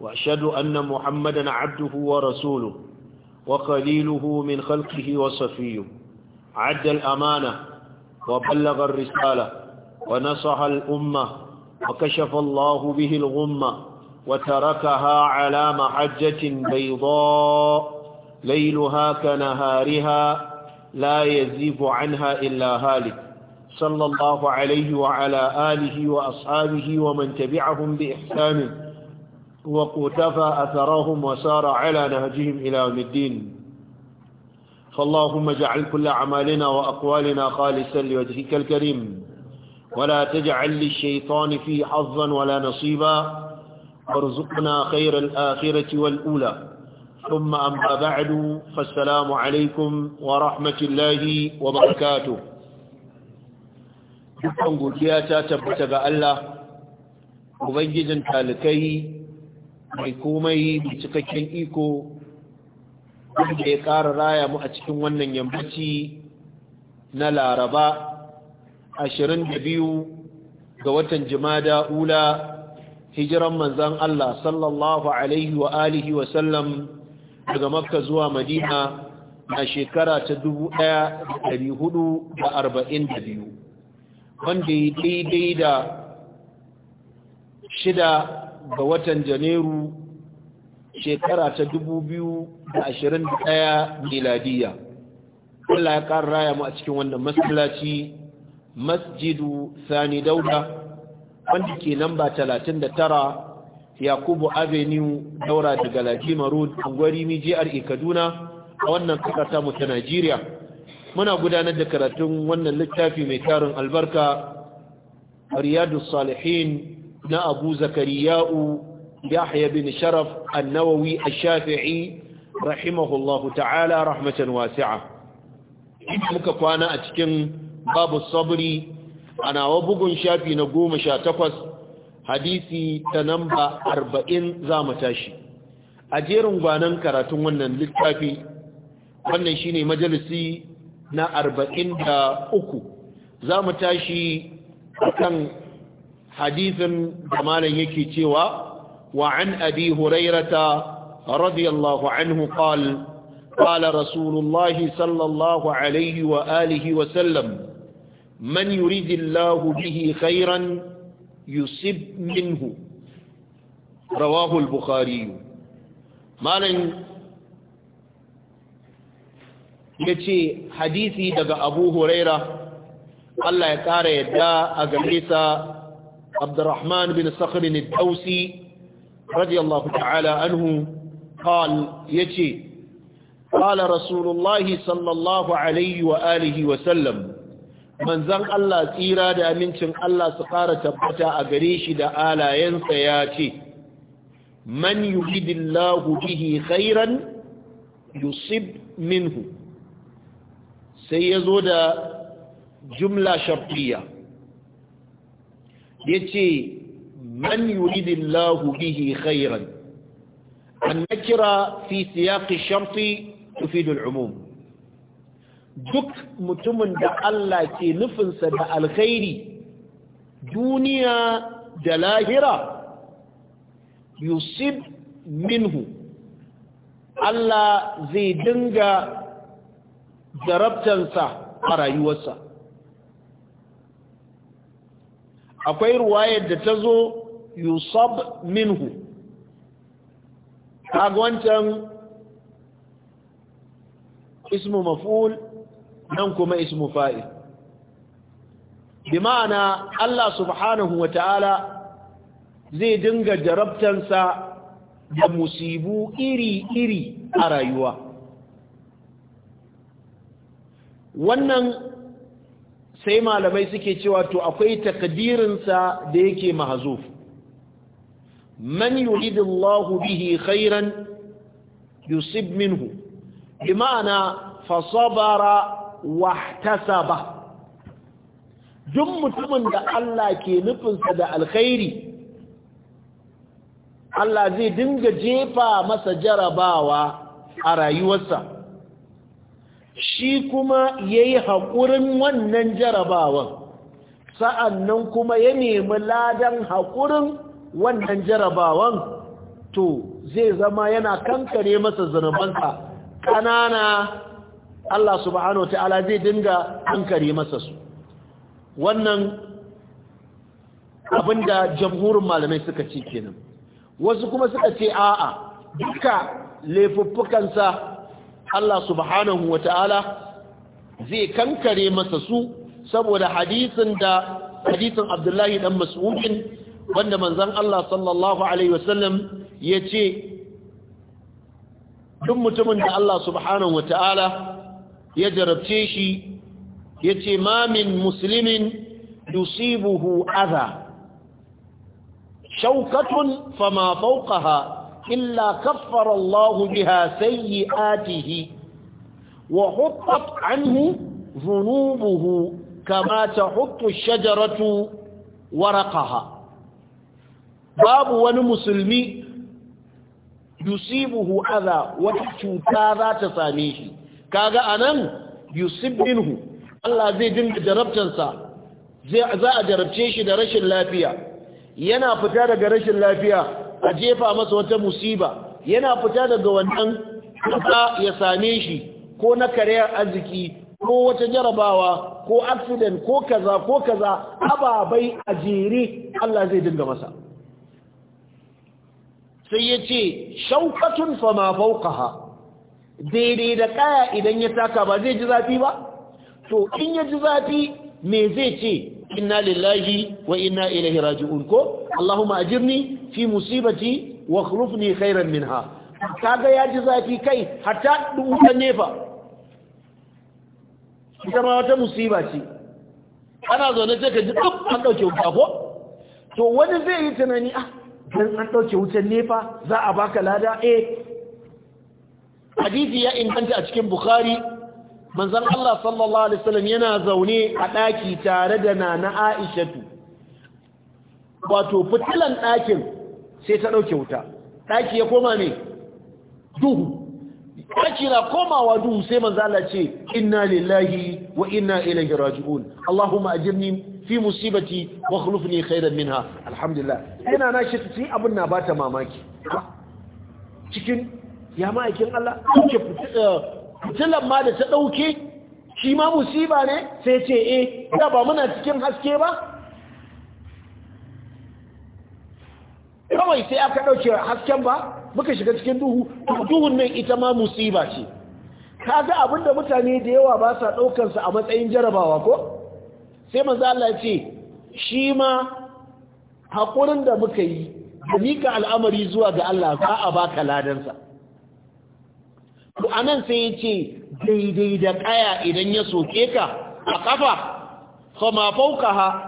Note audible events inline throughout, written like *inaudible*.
وأشهد أن محمدا عبده ورسوله وقليله من خلقه وصفيه عد الأمانة وبلغ الرسالة ونصح الأمة وكشف الله به الغمة وتركها على محجة بيضاء ليلها كنهارها لا يزيب عنها إلا هالك صلى الله عليه وعلى آله وأصحابه ومن تبعهم بإحسان وقتفى أثرهم وسار على نهجهم إلى يوم الدين فاللهم اجعل كل أعمالنا وأقوالنا خالصا لوجهك الكريم ولا تجعل للشيطان فيه حظا ولا نصيبا وارزقنا خير الآخرة والأولى ثم أما بعد فالسلام عليكم ورحمة الله وبركاته dukkan godiya ta tabbata ga mai komai mai cikakken iko wanda ya ƙara raya mu a cikin wannan yambaci na laraba 22 ga watan jimada ula hijiran manzan Allah sallallahu alaihi wa alihi wa sallam daga makka zuwa madina na shekara ta da hudu 1442 wanda ya daidai da shida ga watan janairu shekara ta ashirin 2021 miladiya Allah ya ƙara raya mu a cikin wannan masallaci masjidu sani dauda wanda ke namba tara yakubu avenue daura daga lajima road angwari mijiyar kaduna a wannan ta mu ta najeriya muna gudanar da karatun wannan littafi mai tarin albarka riyadu salihin na abu zakariya'u yahya bin sharaf annawawi ash-shafi'i rahimahullahu ta'ala rahmatan wasi'a muka kwana a cikin babu sabri ana wa bugun shafi na goma sha takwas hadisi ta namba arba'in za mu tashi a jerin gwanon karatun wannan littafi wannan shine majalisi na arba'in da uku za mu tashi kan hadisin da malam yake cewa wa an abi hurairata radiyallahu anhu qal qala rasulullahi sallallahu alaihi wa alihi wa sallam man yuridillahu bihi khairan yusib minhu rawahu al-bukhari malam yace hadisi daga abu huraira Allah ya kara yadda a gare عبد الرحمن بن صخر الدوسي رضي الله تعالى عنه قال يجي قال رسول الله صلى الله عليه وآله وسلم من زن الله تيرا دا منتن الله سقارة بتا أقريش دا آلا ينسى ياتي من يريد الله به خيرا يصب منه سيزود جملة شرطية yace man yuridillahu bihi khairan an na kira ash-shart tufidu al-umum duk mutumin da Allah ke nufinsa da alkhairi duniya da lahira yusuf minhu Allah zai dinga jarabtansa a rayuwarsa akwai ruwayar da ta zo Yusuf minhu kaga wancan ismu maf'ul nan kuma ismu fa’i bi ma'ana Allah subhanahu wa ta'ala zai dinga jarabtansa da musibu iri-iri a rayuwa wannan sai malamai suke cewa to akwai takadirinsa da yake mahazuf man yuridillahu bihi khairan yusib minhu bi ma'ana fa sabara ihtasaba duk mutumin da Allah ke nufinsa da alkhairi Allah zai dinga jefa masa jarabawa a rayuwarsa shi kuma ya yi haƙurin wannan jarabawan sa'annan kuma ya nemi ladan haƙurin wannan jarabawan to zai zama yana kankare masa zanubansa ƙanana Allah subhanahu wa ta'ala zai dinga kankare masa su wannan abinda jamhurin malamai suka ce kenan wasu kuma suka ce a'a duka laifuffukansa Allah subhanahu wa ta'ala zai kankare masa su saboda hadisin da hadisin Abdullahi ɗan Mas'udin wanda manzon Allah sallallahu alaihi wasallam yace duk mutumin da Allah subhanahu ta'ala ya jarabce shi yace mamin min muslimin yusibuhu adha shaukatun fama fawqaha illa kaffara Allah biha sayyi'atihi wa huttat anhu dhunubuhu kama tahuttu ash-shajaratu waraqaha babu wani musulmi yusibuhu adha wata cuta za ta same shi kaga anan Yusuf yusibinhu Allah zai dinga jarabtansa za a jarabce shi da rashin lafiya yana fita daga rashin lafiya a jefa masa wata musiba yana fita daga wannan kasa ya same shi ko na kariyar arziki ko wata jarabawa ko accident ko kaza ko kaza ababai a jere Allah zai dinga masa sai ya ce shaukatun fama fauqaha daidai da kaya idan ya taka ba zai ji zafi ba to in ya ji zafi me zai ce inna lillahi wa inna ilaihi raji'un ko Allahumma ajirni fi musibati wa khulufni khairan minha kaga ya ji zafi kai hatta ta nefa ita ma wata musiba ce ana zaune sai ka ji duk an ɗauke wuta ko to wani zai yi tunani ah dan an ɗauke wutan nefa za a baka lada eh hadisi ya inganta a cikin bukhari Manzan Allah sallallahu alaihi wasallam yana zaune a ɗaki tare da na Aishatu wato fitilan ɗakin. sai ta ɗauke wuta ɗaki ya koma ne duhu ɗaki na komawa duhu sai manzala ce inna lillahi wa inna ilaihi raji'un Allahumma ajirni fi musibati wa khulufni khairan minha alhamdulillah ina na shi sai Abun na bata mamaki cikin ya ma'aikin Allah ɗauke fitilan ma da ta ɗauke shi ma musiba ne sai ce eh da ba muna cikin haske ba kawai sai aka ɗauke hasken ba muka shiga cikin duhu duhun nan ita ma musiba ce Ka ga abin da mutane da yawa ba sa ɗaukansa a matsayin jarabawa ko sai manzo Allah ce shi ma haƙurin da muka yi da mika al'amari zuwa ga Allah za a baka ladansa to anan sai ya ce daidai da ƙaya idan ya soke ka a kafa kuma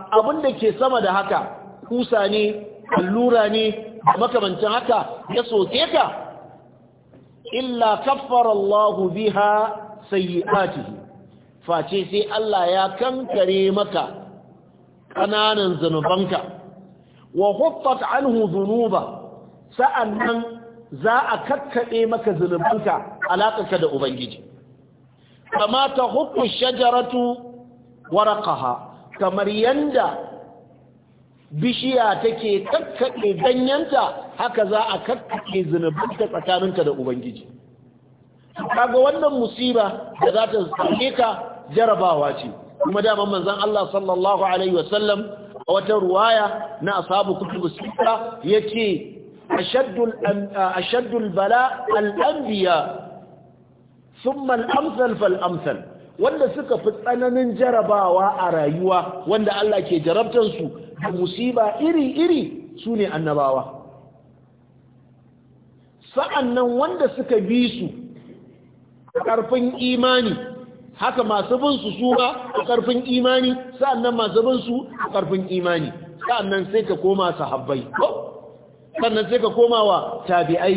abin da ke sama da haka kusa ne allura ne da makamancin haka ya soke ka illa kaffarallahu Allah biha sayyi'atihi face sai Allah ya kankare maka kananan zanubanka wa huffat anhu dhunuba sa'annan za a kakkaɓe maka zunubanka alaƙarka da Ubangiji. Kamata hukun shajaratu waraqaha kamar yanda bishiya take kakkaɗe ganyenta haka za a kakkaɗe zunubinta tsakaninta da ubangiji kaga wannan musiba da za ta same ka jarabawa ce kuma daman manzon Allah sallallahu alaihi wasallam a wata ruwaya na ashabu kutubu sita yace ashaddul ashaddul bala al-anbiya thumma amsal fal-amsal wanda suka fi tsananin jarabawa a rayuwa wanda Allah ke jarabtansu da musiba iri-iri su ne annabawa sa'annan wanda suka bi su a ƙarfin imani haka masu bin su su ba a ƙarfin imani sa'annan masu bin su a ƙarfin imani sa'annan sai ka koma su habbai sannan sai ka koma wa tabi'ai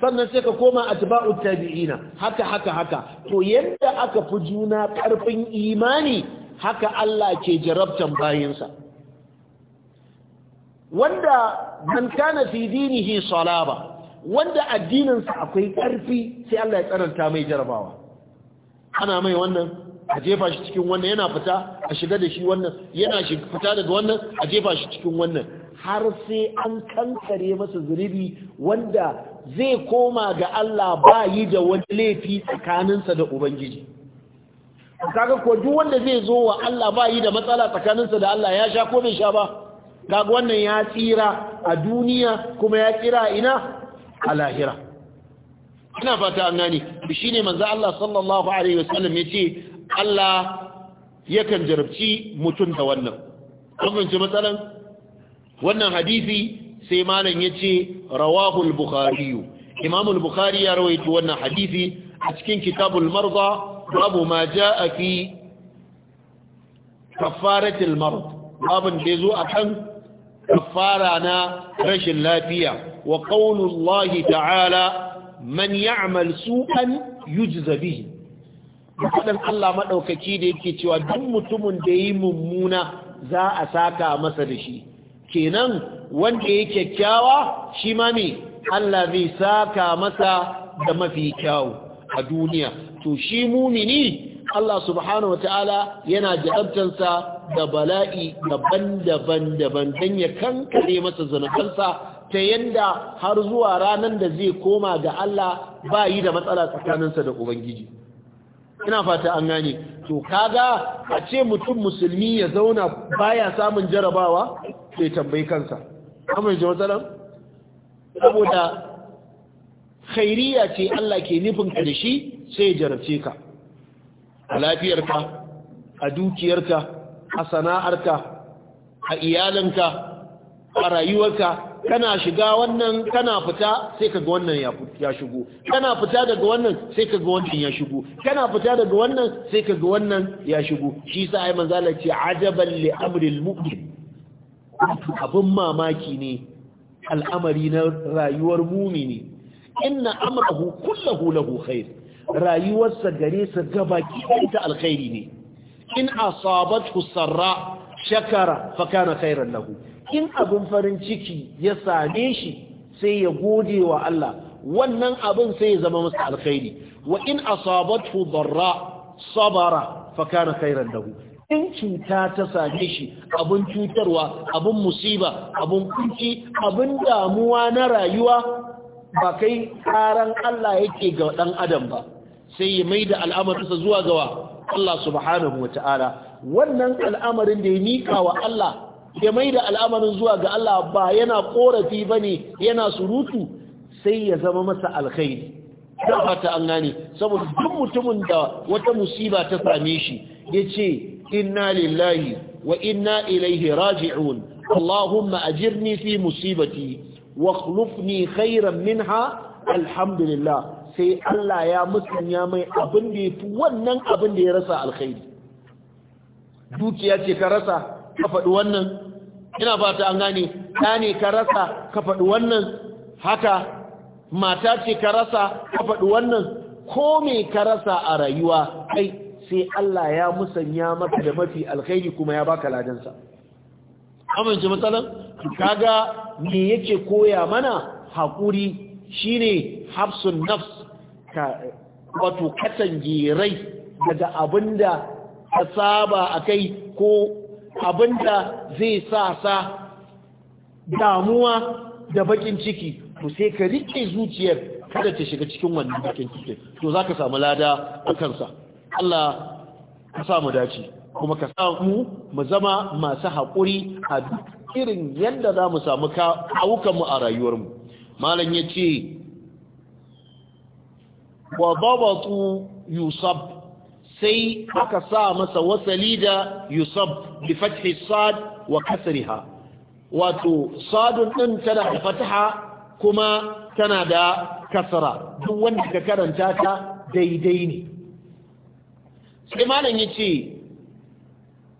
sannan sai ka koma atba'u tabi'ina haka haka haka to yadda aka fi juna ƙarfin imani haka Allah ke jarabtan bayinsa wanda man kana fi dinihi salaba wanda addininsa akwai ƙarfi sai Allah ya tsananta mai jarabawa ana mai wannan a jefa shi cikin wannan yana fita a shiga da shi wannan yana fita daga wannan a jefa shi cikin wannan har sai an kankare masa zuribi wanda zai koma ga Allah ba yi da wani laifi tsakaninsa da ubangiji kaga ko duk wanda zai zo wa Allah ba yi da matsala tsakaninsa da Allah ya sha ko bai sha ba kaga wannan ya tsira a duniya kuma ya tsira ina a lahira ina fata an ne. shi ne manzo Allah sallallahu alaihi wasallam ce, Allah yakan jarabci mutum da wannan kun matsalan wannan hadisi sai malam yace ce Rawahul bukhari Imamul bukhari ya rawaito wannan hadisi a cikin kitabul marda babu ma a fi kafaratil marad babin da yazo akan kafara na rashin lafiya wa qaulullahi ta'ala man ya'mal su'an yujzabi bihi Allah madaukaki da yake cewa duk mutumin da yi mummuna za a saka masa da shi kenan wanda yake kyakkyawa shi ma me Allah zai saka masa da mafi kyau a duniya to shi mumini Allah subhanahu wataala yana jarabtansa da bala'i daban-daban daban dan ya kankare masa zunubansa ta yanda har zuwa ranar da zai koma ga Allah ba yi da matsala tsakaninsa da Ubangiji ina fata an gane to kaga a ce mutum musulmi ya zauna baya samun jarabawa sai tambayi kansa amma ji matsalan saboda khairiya ce Allah ke nufin ka da shi sai ya jarabce ka a lafiyarka a dukiyarka a sana'arka a iyalanka a rayuwarka kana shiga wannan kana fita sai kaga wannan ya shigo kana fita daga wannan sai kaga wannan ya shigo kana fita daga wannan sai kaga wannan ya shigo shi sa ai manzala ce ajaban li amril mu'min abin mamaki ne al'amari na rayuwar mumini inna amrahu kullahu lahu khair rayuwarsa gare sa gabaki ta alkhairi ne in asabathu sarra shakara fa kana khairan lahu in abin farin ciki ya same shi sai ya gode wa Allah wannan abin sai ya zama masa alkhairi wa in asabathu darra sabara fa kana khairan lahu in cuta ta same shi abin cutarwa abin musiba abin kunci abin damuwa na rayuwa ba kai karan Allah yake ga dan adam ba sai ya maida al'amarinsa zuwa gawa Allah subhanahu wa ta'ala wannan al'amarin da ya miƙa wa Allah ya maida al'amarin zuwa ga Allah ba yana korafi bane yana surutu sai ya zama masa alkhairi don fata an gane saboda duk mutumin da wata musiba ta same shi ya ce inna lillahi wa inna ilaihi raji'un Allahumma ajirni fi musibati wa khlufni khairan minha alhamdulillah sai Allah ya musanya mai abin da ya fi wannan abin da ya rasa alkhairi dukiya ce ka rasa ka faɗi wannan ina fata an gane ɗa ne ka rasa ka faɗi wannan haka mata ce ka rasa ka faɗi wannan ko mai ka rasa a rayuwa kai sai Allah ya musanya maka da mafi alkhairi kuma ya baka ladansa amince matsalan kaga me yake koya mana haƙuri shine hafsun nafs wato katangirai daga abinda ka saba a kai ko abinda zai sa sa damuwa da bakin ciki to sai ka riƙe zuciyar kada ta shiga cikin wannan bakin ciki to za ka samu lada a kansa Allah ka samu dace kuma ka samu mu zama masu haƙuri a duk irin yadda za mu samu kawukanmu a rayuwarmu malam ya ce wa babatu yusab sai aka sa masa wasali da yusab bi fathi sad wa kasriha wato sadun din tana da fataha kuma tana da kasra duk wanda ka karanta ta daidai ne sai malam yace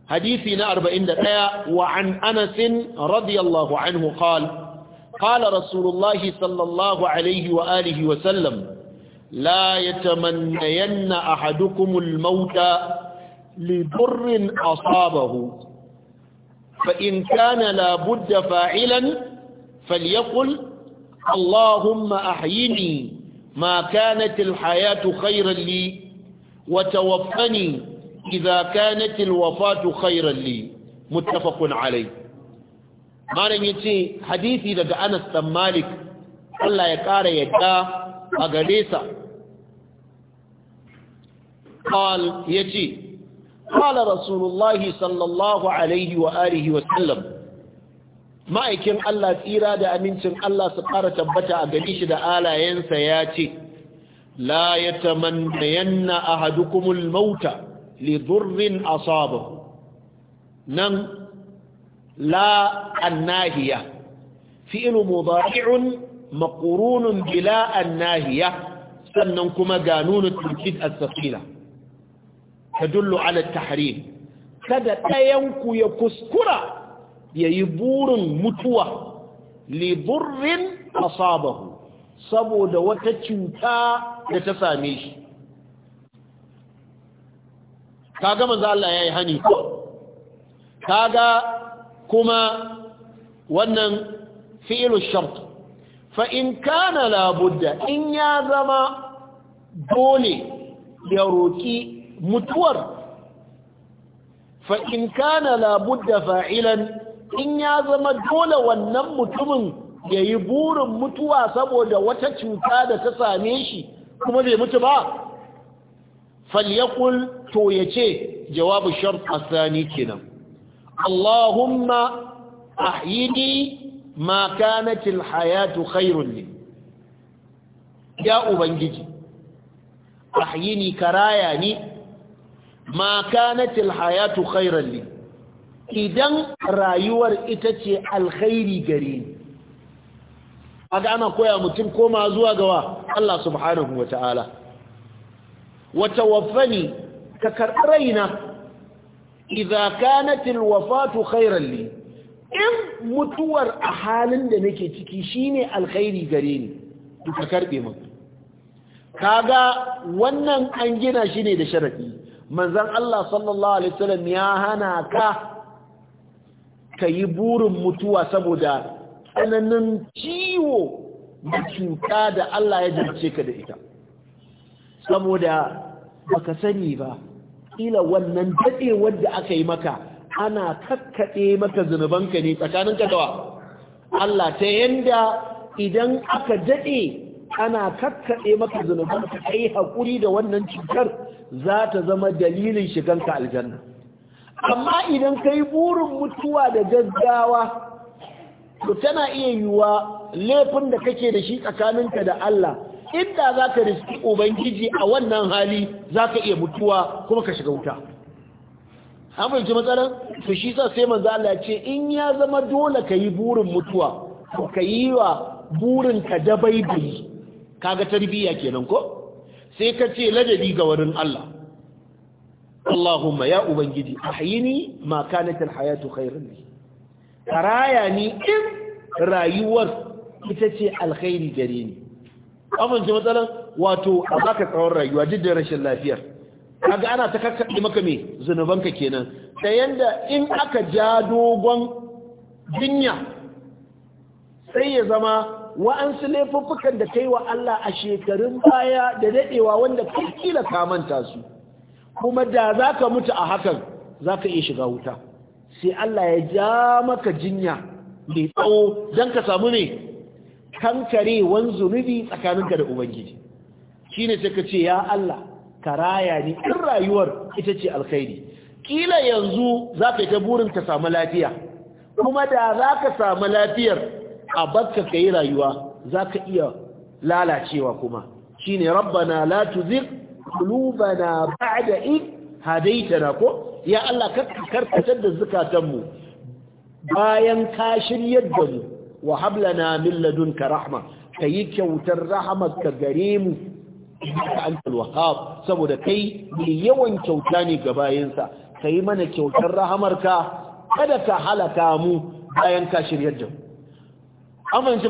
hadisi na 41 wa an Anas radiyallahu anhu qala qala rasulullahi sallallahu alaihi wa alihi wa sallam لا يتمنين أحدكم الموت لضر أصابه فإن كان لابد فاعلا فليقل اللهم أحيني ما كانت الحياة خيرا لي وتوفني إذا كانت الوفاة خيرا لي متفق عليه ما ya حديثي لدى أنس مالك الله malik Allah ya قال يتي قال رسول الله صلى الله عليه وآله وسلم ما يكن الله تيرا دا أمينتن الله سقارة تبتا أبنيش دا آلا ينسى ياتي لا يتمنين أحدكم الموت لضر أصابه نم لا الناهية فئل مضارع مقرون بلا الناهية سننكم قانون التركيد الثقيله tadullu ala tahrim kada ɗayanku ya kuskura yayi burin mutuwa li burrin asabahu saboda wata cuta da ta same shi kaga manzo Allah yayi hani kaga kuma wannan fi'lu shart fa in kana labudda in ya zama dole ya roki mutuwar fa'in kana labudda fa'ilan in ya zama dole wannan mutumin ya yi burin mutuwa saboda wata cuta da ta same shi kuma bai mutu ba falyakul to ya ce jawabu shart asani kenan Allahumma ahyini ma kanatil hayatu khairun ne. ya ubangiji ahyini karaya ni ma kanatil hayatu khairan li idan rayuwar ita ce alkhairi gare ni aga ana koya mutum koma zuwa gawa Allah subhanahu wata'ala wata wafani ka karɓi raina idza kanatil wafatu khairan li in mutuwar a halin da nake ciki shine alkhairi gare ni ka karbe kaga wannan an gina shi ne da sharadi manzan Allah sallallahu alaihi wasallam ya hana ka yi burin mutuwa saboda tsananin ciwo da cuta da Allah ya dace ka da ita saboda baka sani ba ila wannan daɗe wadda aka yi maka ana kakkaɗe maka zunubanka ne tsakanin kakawa Allah ta yanda idan aka daɗe ana kakkaɗe maka zunubanka yi haƙuri da wannan cutar za ta zama dalilin ka aljanna amma idan ka yi burin mutuwa da gaggawa to tana iya yiwuwa laifin da kake da shi tsakaninka da Allah inda za ka riski ubangiji a wannan hali za ka iya mutuwa kuma ka shiga wuta an fahimci matsalar to shi sa sai manzo Allah ce in ya zama dole ka yi burin mutuwa to ka yi wa burinka dabaibayi kaga tarbiyya kenan ko sai ka ce ladabi ga wurin Allah Allahumma ya ubangiji ahyini ma kanat alhayatu khairan li karaya ni in rayuwar ita ce alkhairi gare ni amince matsalan wato a tsawon rayuwa duk da rashin lafiyar kaga ana ta kakkaɗe maka me zunubanka kenan da yanda in aka ja dogon jinya sai ya zama wa'ansu laifuffukan da kai wa Allah a shekarun baya da daɗewa wanda kai kila ka manta su kuma da za ka mutu a hakan za ka iya shiga wuta sai Allah ya ja maka jinya mai tsawo don ka samu ne kankarewan zunubi tsakaninka da ubangiji shi ne sai ka ce ya Allah ka raya ni in rayuwar ita ce alkhairi kila yanzu za ka yi ta burin ka samu lafiya kuma da za ka samu lafiyar a bakka ka yi rayuwa za ka iya lalacewa kuma shi ne rabbana la tuzir kulubana ba'da in hadaitana ko ya Allah ka karkatar da zukatanmu bayan ka shiryar da mu wa hablana min ladunka rahma kayi kyautar ka gare mu ka wahhab saboda kai mai yawan kyauta ne ga bayinsa kayi mana kyautar rahamarka kada ka halaka mu bayan ka shiryar da mu an fahimci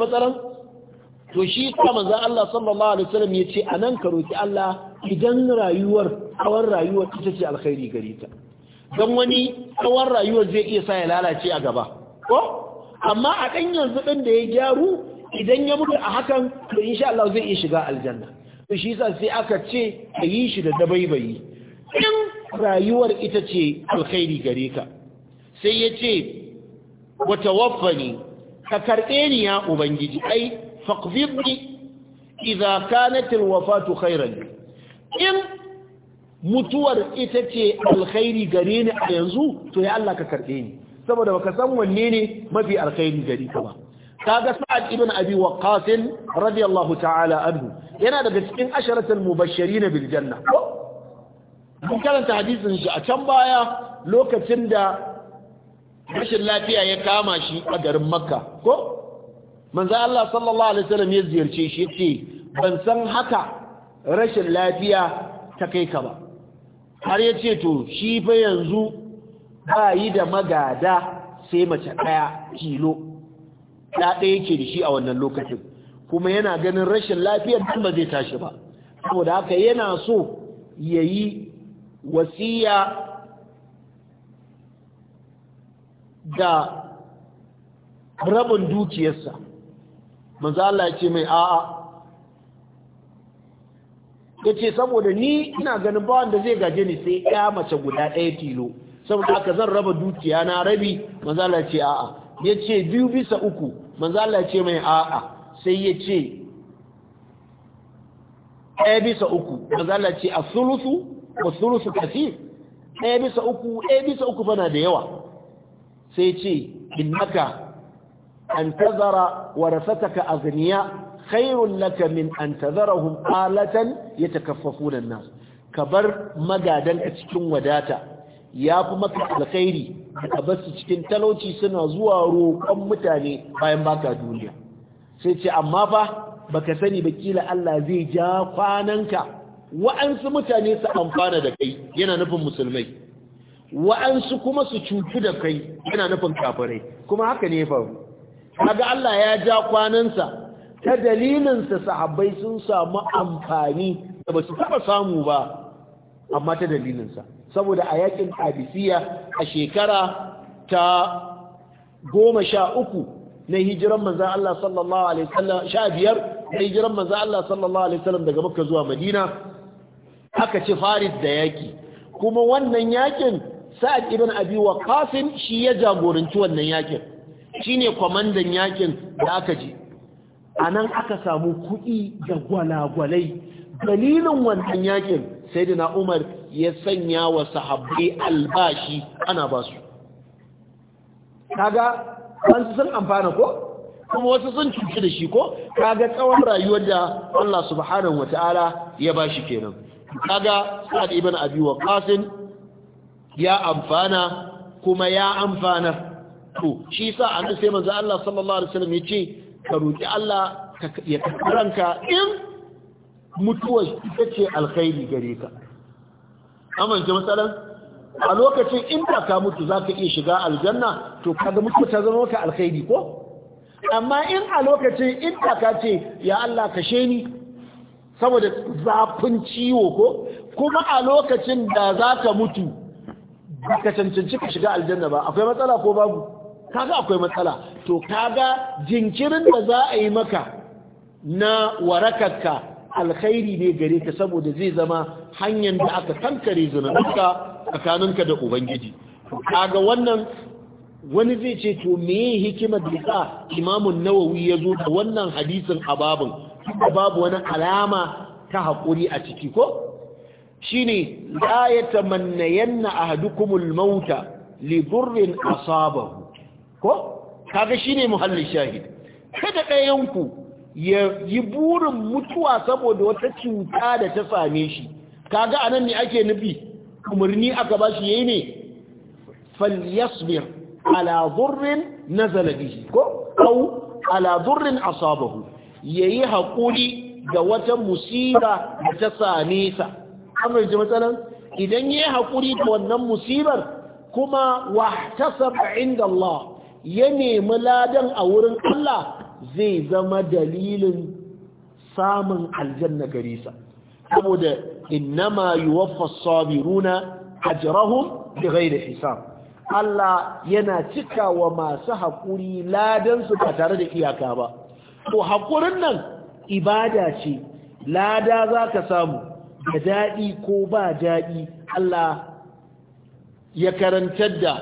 to shi kuma manzo Allah sallallahu alaihi wasallam ya ce anan ka roki Allah idan rayuwar tsawon rayuwar ita ce alkhairi gare ta dan wani tsawon rayuwar zai iya sa ya lalace a gaba ko amma a dan yanzu din da ya gyaru idan ya mutu a hakan to insha Allah zai iya shiga aljanna to shi yasa sai aka ce ka yi shi da dabaibayi in rayuwar ita ce alkhairi gare ka sai ya ce wa tawaffani ka karɓe ni ya ubangiji ai faqfidni idza kanat alwafatu khairan in mutuwar ita ce alkhairi gare ni a yanzu to ya Allah ka karɓe ni saboda baka san wanne ne mafi alkhairi gare ka ba kaga sa'ad ibn abi waqqas radiyallahu ta'ala anhu yana daga cikin asharatul mubashirin bil janna mun karanta hadisin shi a can baya lokacin da rashin lafiya ya kama shi a garin makka ko manzo Allah sallallahu alaihi wasallam ya ziyarce shi yace ban san haka rashin lafiya ta kai ka ba har yace to shi fa yanzu ba yi da magada sai mace daya kilo da daya yake da shi a wannan lokacin kuma yana ganin rashin lafiyar dan ba zai tashi ba saboda haka yana so yayi wasiya da rabin dukiyarsa manzo Allah ya ce mai a'a a ce saboda ni ina ganin bawan da zai gaje ni sai ya mace guda ɗaya tilo saboda haka zan raba dukiya na rabi manzo Allah ya ce a'a ya ce biyu bisa uku manzo Allah ya ce mai a'a sai ya ce ɗaya bisa uku manzo Allah ya ce a sulusu wa sulusu kasir ɗaya bisa uku ɗaya bisa uku na da yawa sai ce innaka an tazara warasataka aghniya khairul laka min an tazarahum alatan yatakaffafuna nan. nas kabar magadan a cikin wadata yafi maka alkhairi ka bar su cikin talauci suna zuwa roƙon mutane bayan baka duniya sai ce amma fa baka sani ba kila Allah zai ja kwananka wa'ansu mutane su amfana da kai yana nufin musulmai wa'ansu kuma su cutu da kai yana nufin kafirai kuma haka ne faru kaga Allah ya ja kwanansa ta dalilinsa sahabbai sun samu amfani da ba su taba samu ba amma ta dalilinsa saboda a yakin Abisiya a shekara ta goma sha uku na hijiran manzan Allah sallallahu alaihi sha biyar na hijiran manzan Allah sallallahu alaihi daga makka zuwa madina aka ci faris da yaki kuma wannan yakin sa'ad ibn abi kafin shi ya jagoranci wannan yakin Shi ne kwamandan yakin da aka ji nan aka samu kuɗi da gwalagwalai dalilin wannan yakin da Na'umar, ya sanya wa sahabbai albashi ana su kaga wasu sun amfana ko kuma wasu sun cuci da shi ko kaga tsawon rayuwar da Allah subhanahu wataala ya ba shi kenan kaga sa'ad ibn abi waqas ya amfana kuma ya amfana to shi sa an sai manzo Allah sallallahu alaihi wasallam yace ka roki Allah ya karanka in mutuwa ita ce alkhairi gare ka amince matsalan a lokacin in ba ka mutu zaka iya shiga aljanna to kaga mutu ta zama maka alkhairi ko amma in a lokacin in ba ka ce ya Allah kashe ni saboda zafin ciwo ko kuma a lokacin da zaka mutu ka cancanci ka shiga aljanna ba akwai matsala ko babu kaga akwai matsala to kaga jinkirin da za a yi maka na warakarka alkhairi ne gare ka saboda zai zama hanyar da aka kankare zunanka tsakaninka da ubangiji kaga wannan wani zai ce to meye hikimar da sa imamun nawawi ya zo da wannan hadisin a babin babu wani alama ta haƙuri a ciki ko shine la yatamannayanna ahadukumul mauta li durrin asabahu ko kaga shine muhallin shahid kada ɗayan ya yi burin mutuwa saboda wata cuta da ta same shi kaga anan ne ake nufi umarni aka bashi yayi ne falyasbir ala durrin nazala bihi ko au ala durrin asabahu yayi hakuri ga wata musiba da ta same sa amma matsalan idan ya haƙuri da wannan musibar kuma wahtasaba inda Allah ya nemi ladan a wurin Allah zai zama dalilin samun aljanna gare sa saboda innama yuwaffa sabiruna ajrahum bighairi hisab Allah yana cikawa masu haƙuri ladan su ba tare da iyaka ba to haƙurin nan ibada ce lada za ka samu da daɗi ko ba daɗi Allah ya karantar da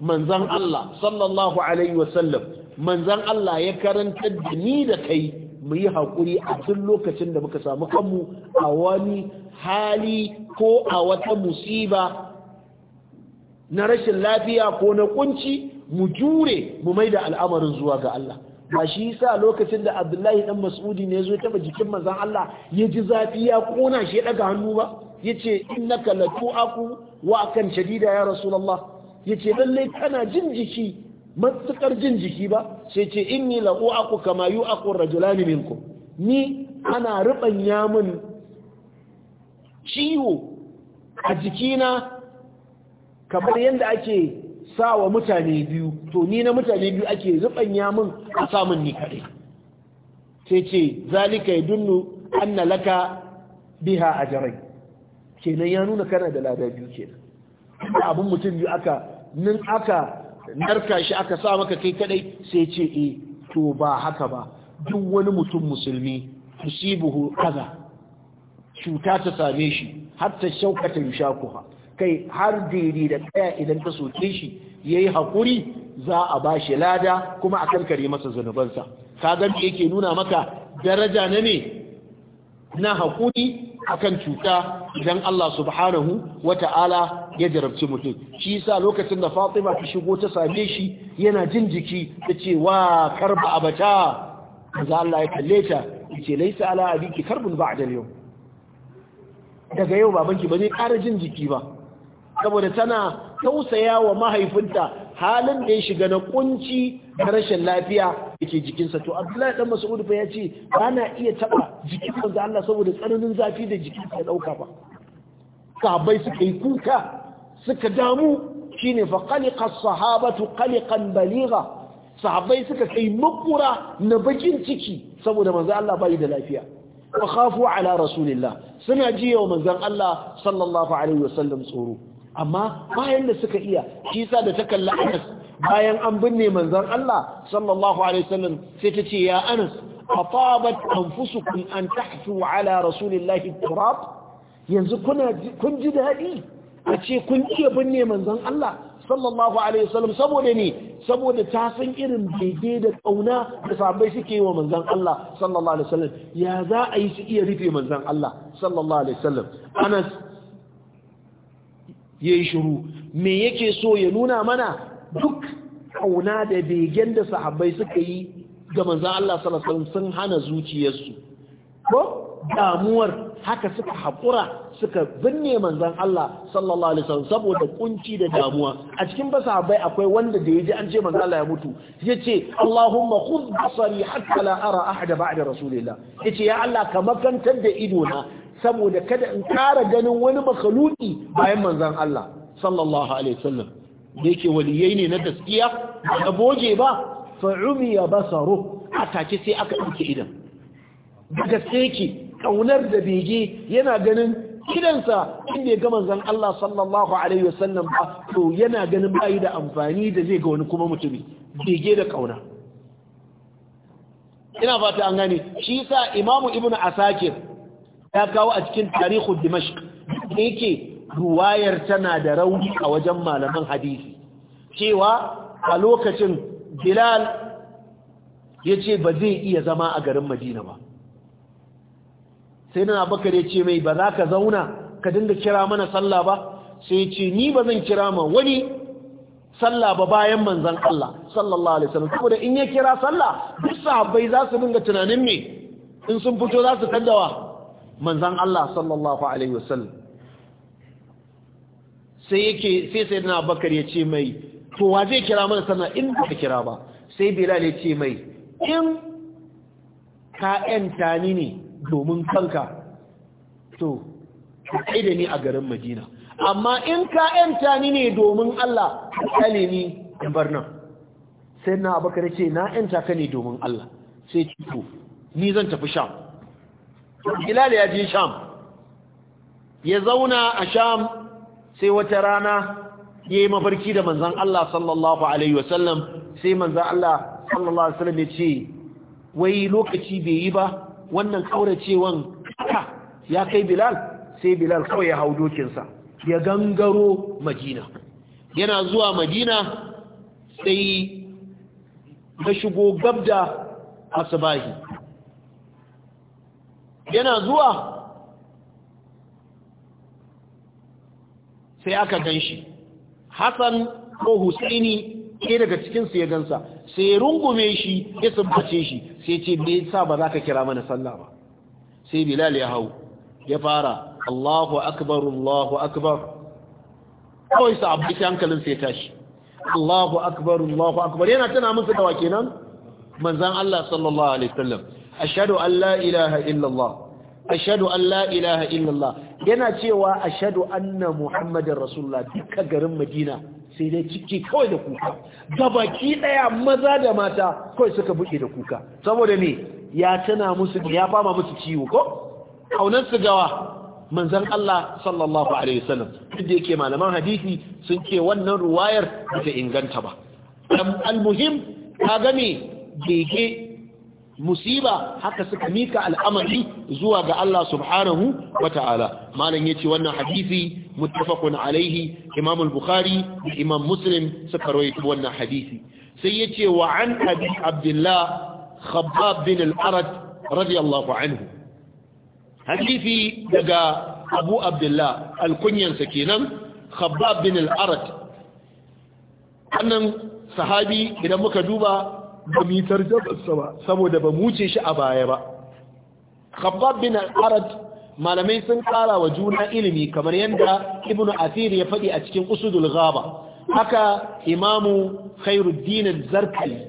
manzan Allah sallallahu alaihi wasallam manzan Allah ya karantar da ni da kai mu yi haƙuri a tun lokacin da muka samu kanmu a wani hali ko a wata musiba na rashin lafiya ko na kunci mu jure mu mai da al'amarin zuwa ga Allah ba shi sa lokacin da Abdullahi dan Mas'udi ne zo taba jikin manzon Allah ya ji zafi ya kona shi ya ɗaga hannu ba yace innaka latu'aku wa kan shadida ya rasulullah yace lalle kana jin jiki matsukar jin jiki ba sai ce inni la'u'aku kama yu'aqu rajulani minkum ni ana rubanya min ciwo a jikina kamar yadda ake sa wa mutane biyu to ni na mutane biyu ake rubanya mun a samun ni kaɗai sai ce zalika ya dunnu an na laka biha a jarai kenan ya nuna kana da lada biyu kenan abin mutum biyu aka nin aka narka shi aka sa maka kai kaɗai? sai ce e. to ba haka ba duk wani mutum musulmi buhu kaza cuta ta same shi hatta shaukata yushakuha kai har daidai da tsaya idan ta soke shi ya yi haƙuri, za a ba shi lada kuma a karkare masa zunubansa kaga me yake nuna maka daraja na ne na haƙuri a kan cuta idan Allah subhanahu wa ta'ala ya jarabci mutum shi yasa lokacin da Fatima ta shigo ta same shi yana jin jiki ce wa karba abata za Allah ya kalle ta yace laisa ala abiki karbun ba'da al daga yau babanki ba zai ƙara jin jiki ba saboda tana tausaya wa mahaifinta halin da ya shiga na kunci da rashin lafiya ke jikinsa to abdullahi dan mas'ud fa yace ba na iya taba jikin manzo Allah saboda tsananin zafi da jikin ya dauka ba sahabbai suka yi kuka suka damu shine fa qaliqa sahabatu qaliqan baligha sahabbai suka kai makura na bakin ciki saboda manzo Allah bai da lafiya wa khafu ala rasulillah suna jiya wa manzon Allah sallallahu alaihi wasallam tsoro amma bayan da suka iya shi sa da ta kalla Anas bayan an binne manzan Allah sallallahu alaihi wasallam sai ta ce ya Anas atabat anfusukum an tahsu ala rasulillahi turab yanzu kuna kun ji dadi a ce kun iya binne manzan Allah sallallahu alaihi wasallam saboda ne saboda ta san irin bege da kauna da sabai suke yi wa manzan Allah sallallahu alaihi wasallam ya za a yi su iya rufe manzan Allah sallallahu alaihi wasallam Anas ya yi shiru me yake so ya nuna mana duk kauna da begen da sahabbai suka yi ga manzan Allah salasalin sun hana zuciyarsu ko damuwar haka suka haƙura suka binne manzan Allah sallallahu alaihi wasallam saboda kunci da damuwa a cikin ba sahabbai akwai wanda da yaji an ce manzan Allah ya mutu yace Allahumma khudh basari hatta la ara ahada ba'da rasulillah yace ya Allah ka makantar da ido na saboda kada in kara ganin wani makhluki bayan manzan Allah sallallahu alaihi wasallam da yake waliyai ne na gaskiya da boje ba fa'umiya basaru a take sai aka ɗauke idan da sai yake kaunar da bege yana ganin idansa inda ya ga manzon Allah sallallahu alaihi wasallam ba to yana ganin bayi da amfani da zai ga wani kuma mutumi bege da kauna ina fata an gane shi yasa imamu ibnu asakir ya kawo a cikin tarihu dimashq da yake ruwayar tana da rauni a wajen malaman hadisi cewa a lokacin bilal ya ce ba zai iya zama a garin madina ba sai na bakar ya ce mai ba za ka zauna ka dinga kira mana sallah ba sai ce ni ba zan kira ma wani sallah ba bayan manzan Allah sallallahu alaihi wasallam saboda in ya kira sallah duk sahabbai za su dinga tunanin me in sun fito za su kaddawa manzan Allah sallallahu alaihi wasallam sai yake sai sayyidina bakar ya ce mai to wa zai kira mana sannan in ba kira ba sai Bilal ya ce mai in ka yanta ni ne domin kanka to kai da ni a garin Madina amma in ka yanta ni ne domin Allah kale ni in bar nan sai na Abakar ya ce na yanta ka ne domin Allah sai ce to ni zan tafi sha. bilal ya je sham ya zauna a sham sai wata rana ya yi mafarki da manzan Allah sallallahu alaihi wasallam sai manzan Allah sallallahu alaihi wasallam ya ce wai lokaci bai yi ba wannan kauracewan haka ya kai bilal sai bilal kawai ya hau dokinsa ya gangaro madina yana zuwa madina sai ya shigo gabda asbahi yana zuwa sai aka gan shi hassan ko husaini ke daga cikinsu ya gansa sai ya rungume shi ya sumbace shi sai ce me yasa ba za ka kira mana sallah ba sai bilal ya hau ya fara Allahu akbar Allahu akbar kawai sa abu ta hankalin sai tashi Allahu akbar Allahu akbar yana tana musu dawa kenan manzon Allah sallallahu alaihi sallam. ashadu an la ilaha illallah ashhadu an la ilaha illallah yana cewa ashadu anna muhammadar rasulullah duka garin madina sai dai ciki kawai da kuka gabaki daya maza da mata kawai suka buke da kuka saboda me ya tana musu ya fama musu ciwo ko kaunar su gawa manzon Allah sallallahu alaihi wasallam duk yake malaman hadisi sun ce wannan ruwayar bata inganta ba al-muhim ka gane gege musiba haka suka mika al'amari zuwa ga Allah subhanahu wa ta'ala malam yace wannan hadisi muttafaqun alaihi imam al-bukhari da imam muslim suka rawaito wannan hadisi sai yace wa an abi abdullah khabbab bin al-arad radiyallahu anhu hadisi daga abu abdullah al kenan khabbab bin al-arad annan sahabi idan muka duba ba mu yi ba saboda ba mu shi a baya ba khabbab bin al-arad malamai sun kara wa juna ilimi kamar yadda ibnu asir ya faɗi a cikin usudul ghaba haka imamu khairuddin az-zarkali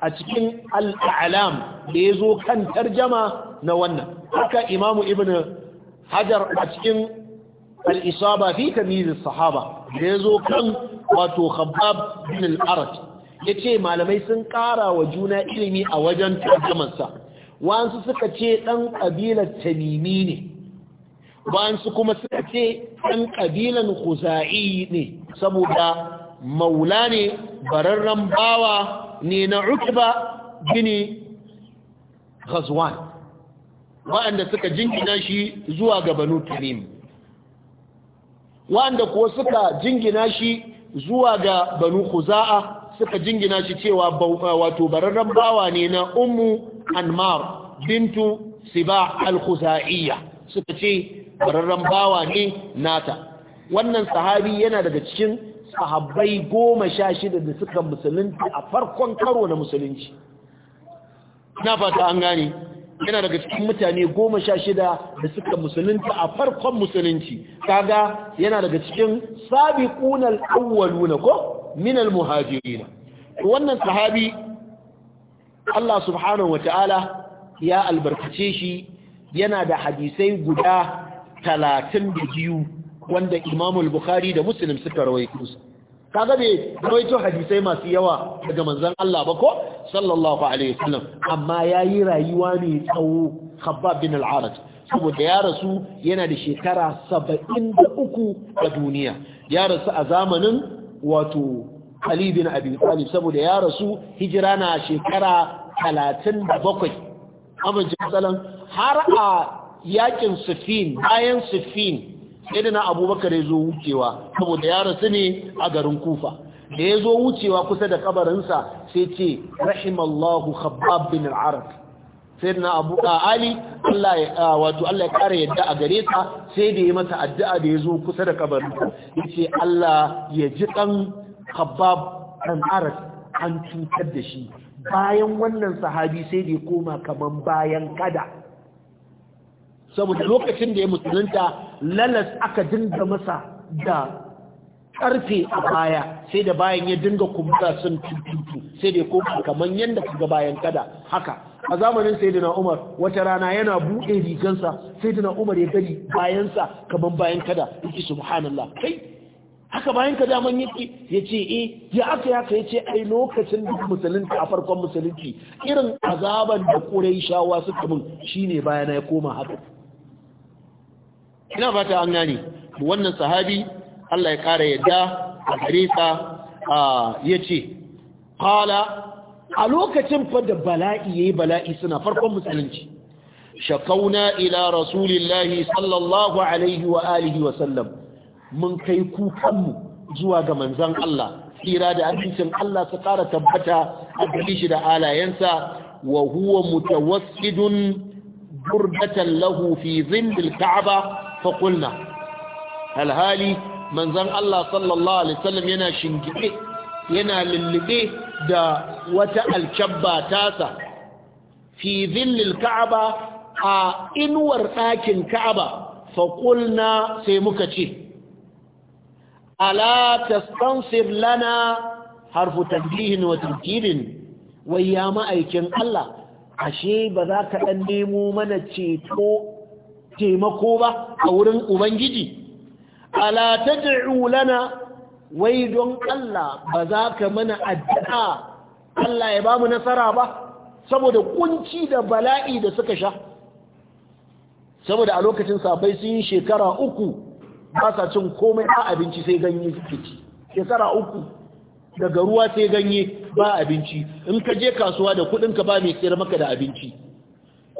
a cikin al-a'lam da yazo kan tarjama na wannan haka imamu ibnu hajar a cikin al-isaba fi tamyiz as-sahaba da yazo kan wato khabbab bin al-arad ya ce malamai sun ƙara wa juna ilimi a wajen tarjamansa wasu suka ce ɗan ƙabilar tamimi ne wasu kuma suka ce ɗan ƙabilan huza'i ne saboda maula ne bararren bawa ne na ba gini ghazwan waɗanda suka jingina shi zuwa ga banu tamim waɗanda kuwa suka jingina shi zuwa ga banu khuza'a suka jingina shi cewa wato bararren bawa ne na ummu anmar bintu siba al-khuzaiya suka ce bararren bawa ne nata wannan sahabi yana daga cikin sahabbai goma sha shida da suka musulunci a farkon karo na musulunci na fata an gane yana daga cikin mutane goma sha shida da suka musulunci a farkon musulunci kaga yana daga cikin sabiqunal na ko min muhajirina, wannan sahabi Allah subhanahu wataala ya albarkace shi yana da hadisai guda 32 wanda Imam al-Bukhari da Muslim suka rawaito kaga bai rawaito hadisai masu yawa daga manzon Allah ba ko sallallahu alaihi wasallam amma yayi rayuwa ne tsawo Khabbab bin al-Arad saboda ya rasu yana da shekara 73 a duniya ya rasu a zamanin wato Ali bin Abi saboda ya rasu hijira na shekara 37 amince matsalan har a yakin Siffin bayan Siffin idina Abubakar ya zo wucewa saboda ya rasu ne a garin Kufa da ya zo wucewa kusa da kabarinsa sai ce rahimallahu Khabbab bin al na abu ali Allah ya ah, wato Allah ya kare yadda a gare ka sai da ya masa addu'a da ya zo kusa da kabarin yace Allah ya ji dan Khabbab dan Aras an cutar da shi bayan wannan sahabi sai da ya koma kaman bayan kada saboda lokacin da ya musulunta lalas aka dinga masa da karfe a baya sai da bayan ya dinga kumta sun tututu sai da ya koma kamar yadda kaga bayan kada haka a zamanin sai da Umar wata rana yana buɗe rigansa sai da Umar ya gani bayansa kamar bayan kada yake subhanallah kai haka bayan kada man yake ce, e ya aka ya ka yace ai lokacin duk musulunci a farkon musulunci irin azaban da shawa suka min shine bayana ya koma haka ina fata an gane wannan sahabi Allah ya kara yadda a harisa ya ce kala a lokacin fada bala'i ya yi bala'i suna farkon musulunci shakauna ila rasulillahi sallallahu alaihi wa alihi wa sallam mun kai kukanmu zuwa ga manzan Allah tsira da abincin Allah su kara tabbata a gari shi da alayensa wa huwa mutawassidun burdatan lahu fi zindil ka'aba fa qulna alhali manzon Allah sallallahu alaihi wasallam yana shingide yana lullube da wata alkabba tasa fi zillil ka'aba a inuwar ɗakin ka'aba faƙulna sai muka ce ala tastansir lana harfu tambihin wa tamkirin wai ya ma'aikin Allah ashe ba za ka ɗan nemo mana ceto taimako ba a wurin ubangiji ala lana wai don Allah ba za ka mana addu'a Allah ya bamu nasara ba saboda kunci da bala'i da suka sha saboda a lokacin safai sun yi shekara uku ba sa cin komai ba abinci sai ganye suke ci shekara uku daga ruwa sai ganye ba abinci in ka je kasuwa da kudin ka ba mai siyar maka da abinci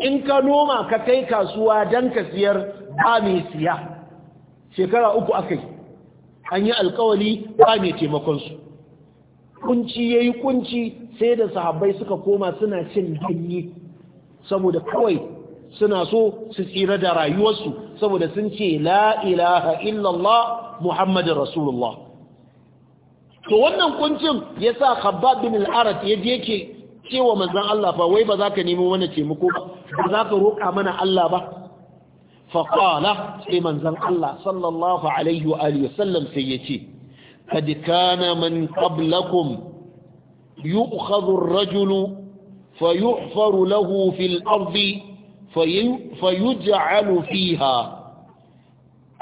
in ka noma ka kai kasuwa don ka siyar ba mai siya shekara uku yi an yi alkawali ba mai taimakonsu kunci ya yi kunci sai da sahabbai suka koma suna cin ganye saboda kawai suna so su tsira da rayuwarsu saboda sun ce la ilaha illallah muhammadin rasulullah to wannan kuncin ya sa khabbab bin al'arat ya je yake cewa manzon Allah fa wai ba za ka nemo taimako ba ba za ka roƙa mana Allah ba faƙala sai manzan Allah sallallahu alaihi wa alihi wasallam sai ya ce kad kana man qablakum yu'khadhu ar-rajulu fayuhfaru lahu fil ardi fayuj'alu fiha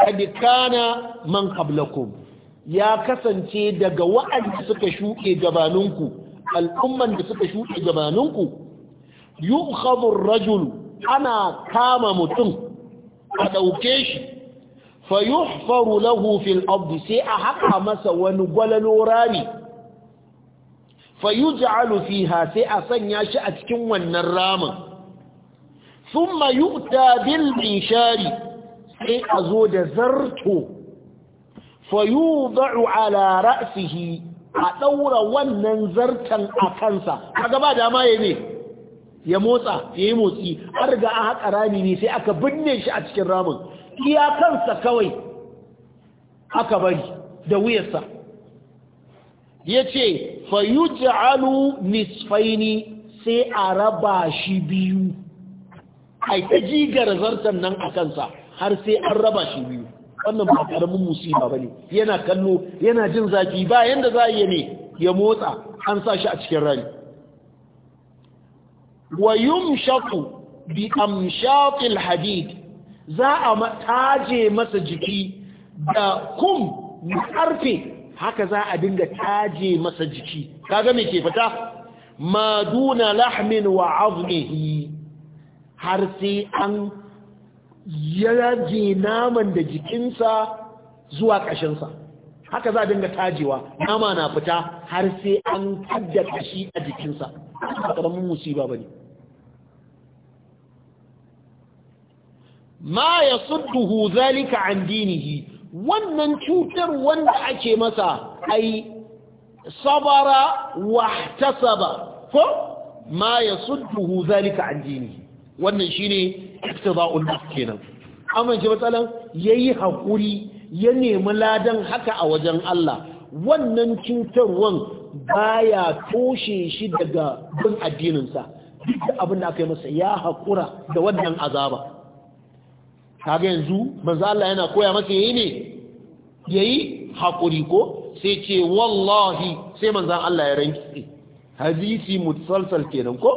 kad kana man qablakum ya kasance daga wa'anda suka shuke gabaninku al'umman da suka shuke gabaninku yu'khadhu ar-rajulu ana kama mutum a ɗauke shi fa faru lahu fil sai a haka masa wani gwalalo rami fa yuj'alu fiha sai a sanya shi a cikin wannan ramin thumma yu'ta bin minshari sai a zo da zarto fa yud'u ala ra'sihi a ɗaura wannan zartan a kansa kaga ba dama yayi ne ya motsa ya yi motsi an riga an haƙa rami ne sai aka binne shi a cikin ramin iyakansa kawai aka bari da wuyarsa ya ce ja'alu nisfaini sai a raba shi biyu a yi ta jigar zartan nan a kansa har sai an raba shi biyu wannan ba karamin ba bane yana kallo yana jin zafi ba yadda za a yi ne ya motsa an sa shi a cikin rami. wa yumshaqu bi amshaqil hadid za a taje masa jiki da kum na arfe haka za a dinga taje masa jiki kaga me ke fita ma duna lahmin wa azmihi har sai an yaje naman da jikinsa zuwa ƙashinsa haka za a dinga tajewa nama na fita har sai an kadda kashi a jikinsa ba ƙaramin musiba ba ne ma ya sudduhu zalika an dinihi wannan cutar wanda ake masa ai sabara wahtasaba ko ma ya sudduhu zalika an dinihi wannan shine iktida'ul nafs kenan amince matsalan yayi hakuri ya nemi ladan haka a wajen Allah wannan cutarwan baya toshe shi daga bin addininsa duk abin da aka yi masa ya haƙura da wannan azaba kaga yanzu manzo Allah yana koya masa yayi ne yayi hakuri ko sai ce wallahi sai manzo Allah ya ranki hadisi mutsalsal kenan ko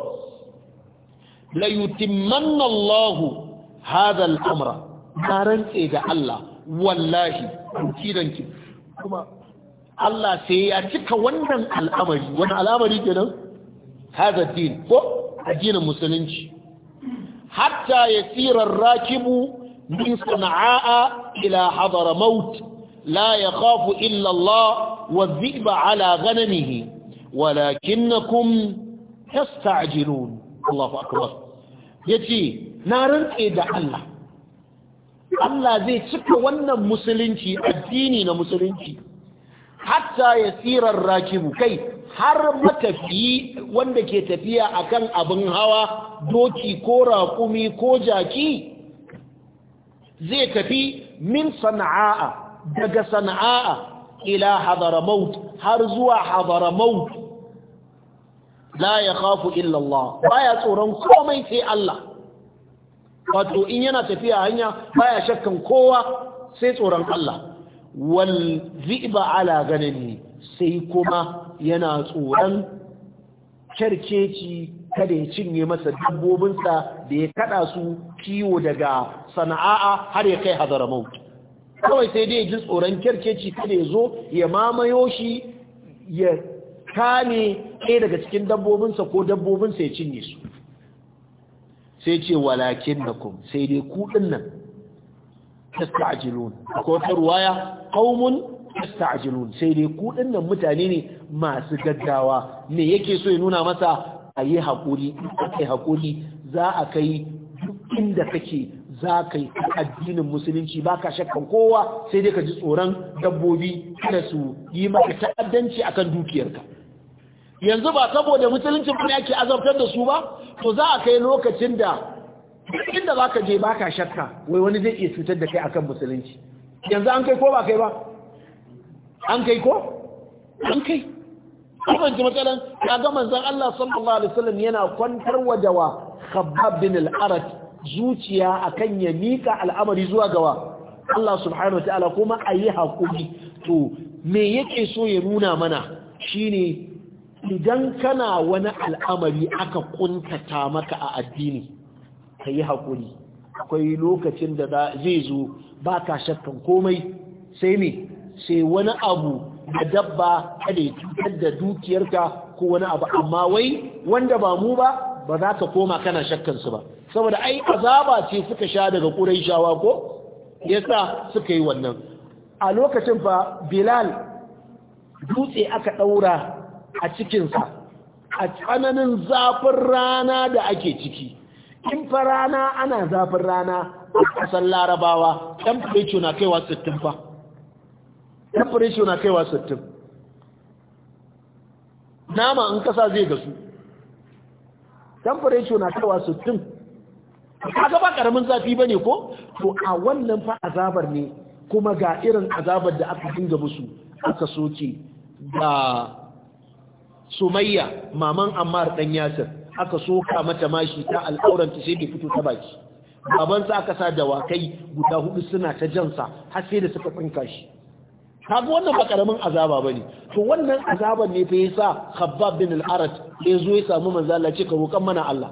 la yutimmanna Allah hadha al-amra karance da Allah wallahi kiranki kuma Allah sai ya cika wannan al'amari Wannan al'amari kenan hadha din ko addinin musulunci hatta yasira ar-rakibu من صنعاء إلى حضر موت لا يخاف إلا الله والذئب على غنمه ولكنكم تستعجلون الله أكبر يتي نارا إيدا الله Allah zai cika wannan musulunci addini na musulunci hatta ya tsirar rakibu kai har matafiyi wanda ke tafiya akan abin hawa doki ko raƙumi ko jaki zai tafi min sana'a daga sana'a ila hadaramaut har zuwa hadaramaut la ya khafu illallah baya tsoron komai sai Allah wato in yana tafiya hanya baya shakkan kowa sai tsoron Allah wal zi'ba ala ne sai kuma yana tsoron kerkeci kada ya cinye masa dabbobinsa da ya kada su kiwo daga sana'a har ya kai hadaramau kawai sai dai ji tsoron kyarkeci kada ya zo ya mamayo shi ya kame ɗaya daga cikin dabbobinsa ko dabbobinsa ya cinye su sai ce walakin na kuma. sai dai kuɗin nan sai dai kuɗin nan mutane ne masu gaggawa ne yake so ya nuna masa a yi haƙuri a kai haƙuri za a kai duk inda kake za ka yi addinin musulunci ba ka shakkan kowa sai dai ka ji tsoron dabbobi kada su yi maka ta'addanci akan dukiyarka yanzu ba saboda musulunci ba ake azabtar da su ba to za a kai lokacin da inda za ka je ba ka shakka wai wani zai iya cutar da kai akan musulunci yanzu an kai ko ba kai ba an kai ko an kai kafanci matsalan kaga manzon Allah sallallahu alaihi wasallam yana kwantar wadawa Khabbab bin al-Arat zuciya akan ya mika al'amari zuwa gawa Allah subhanahu wataala kuma ayi hakuri to me yake so ya nuna mana shine idan kana wani al'amari aka kuntata maka a addini kayi hakuri akwai lokacin da zai zo baka shakkan komai sai ne sai wani abu da dabba kada ya cutar da dukiyarka ko wani abu amma wai wanda ba mu ba ba za ka koma kana shakkan su ba saboda ai azaba ce suka sha daga quraishawa ko yasa suka yi wannan a lokacin fa bilal dutse aka daura a cikin sa a tsananin zafin rana da ake ciki in fa rana ana zafin rana a kasar larabawa dan ce na kaiwa 60 fa temperature na kaiwa 60 nama in kasa zai gasu temperature na kaiwa 60 kaga ba karamin zafi bane ko to a wannan fa azabar ne kuma ga irin azabar da aka dinga musu aka soke da sumayya maman ammar dan yasir aka soka mata mashi ta al'auranta sai bai fito ta baki babansa aka sa dawakai guda hudu suna ta jansa har sai da suka tsinka shi kaga wannan ba karamin azaba bane to wannan azaban ne fa yasa Khabbab bin al-Arat ya zo ya samu manzo Allah ce ka roƙan mana Allah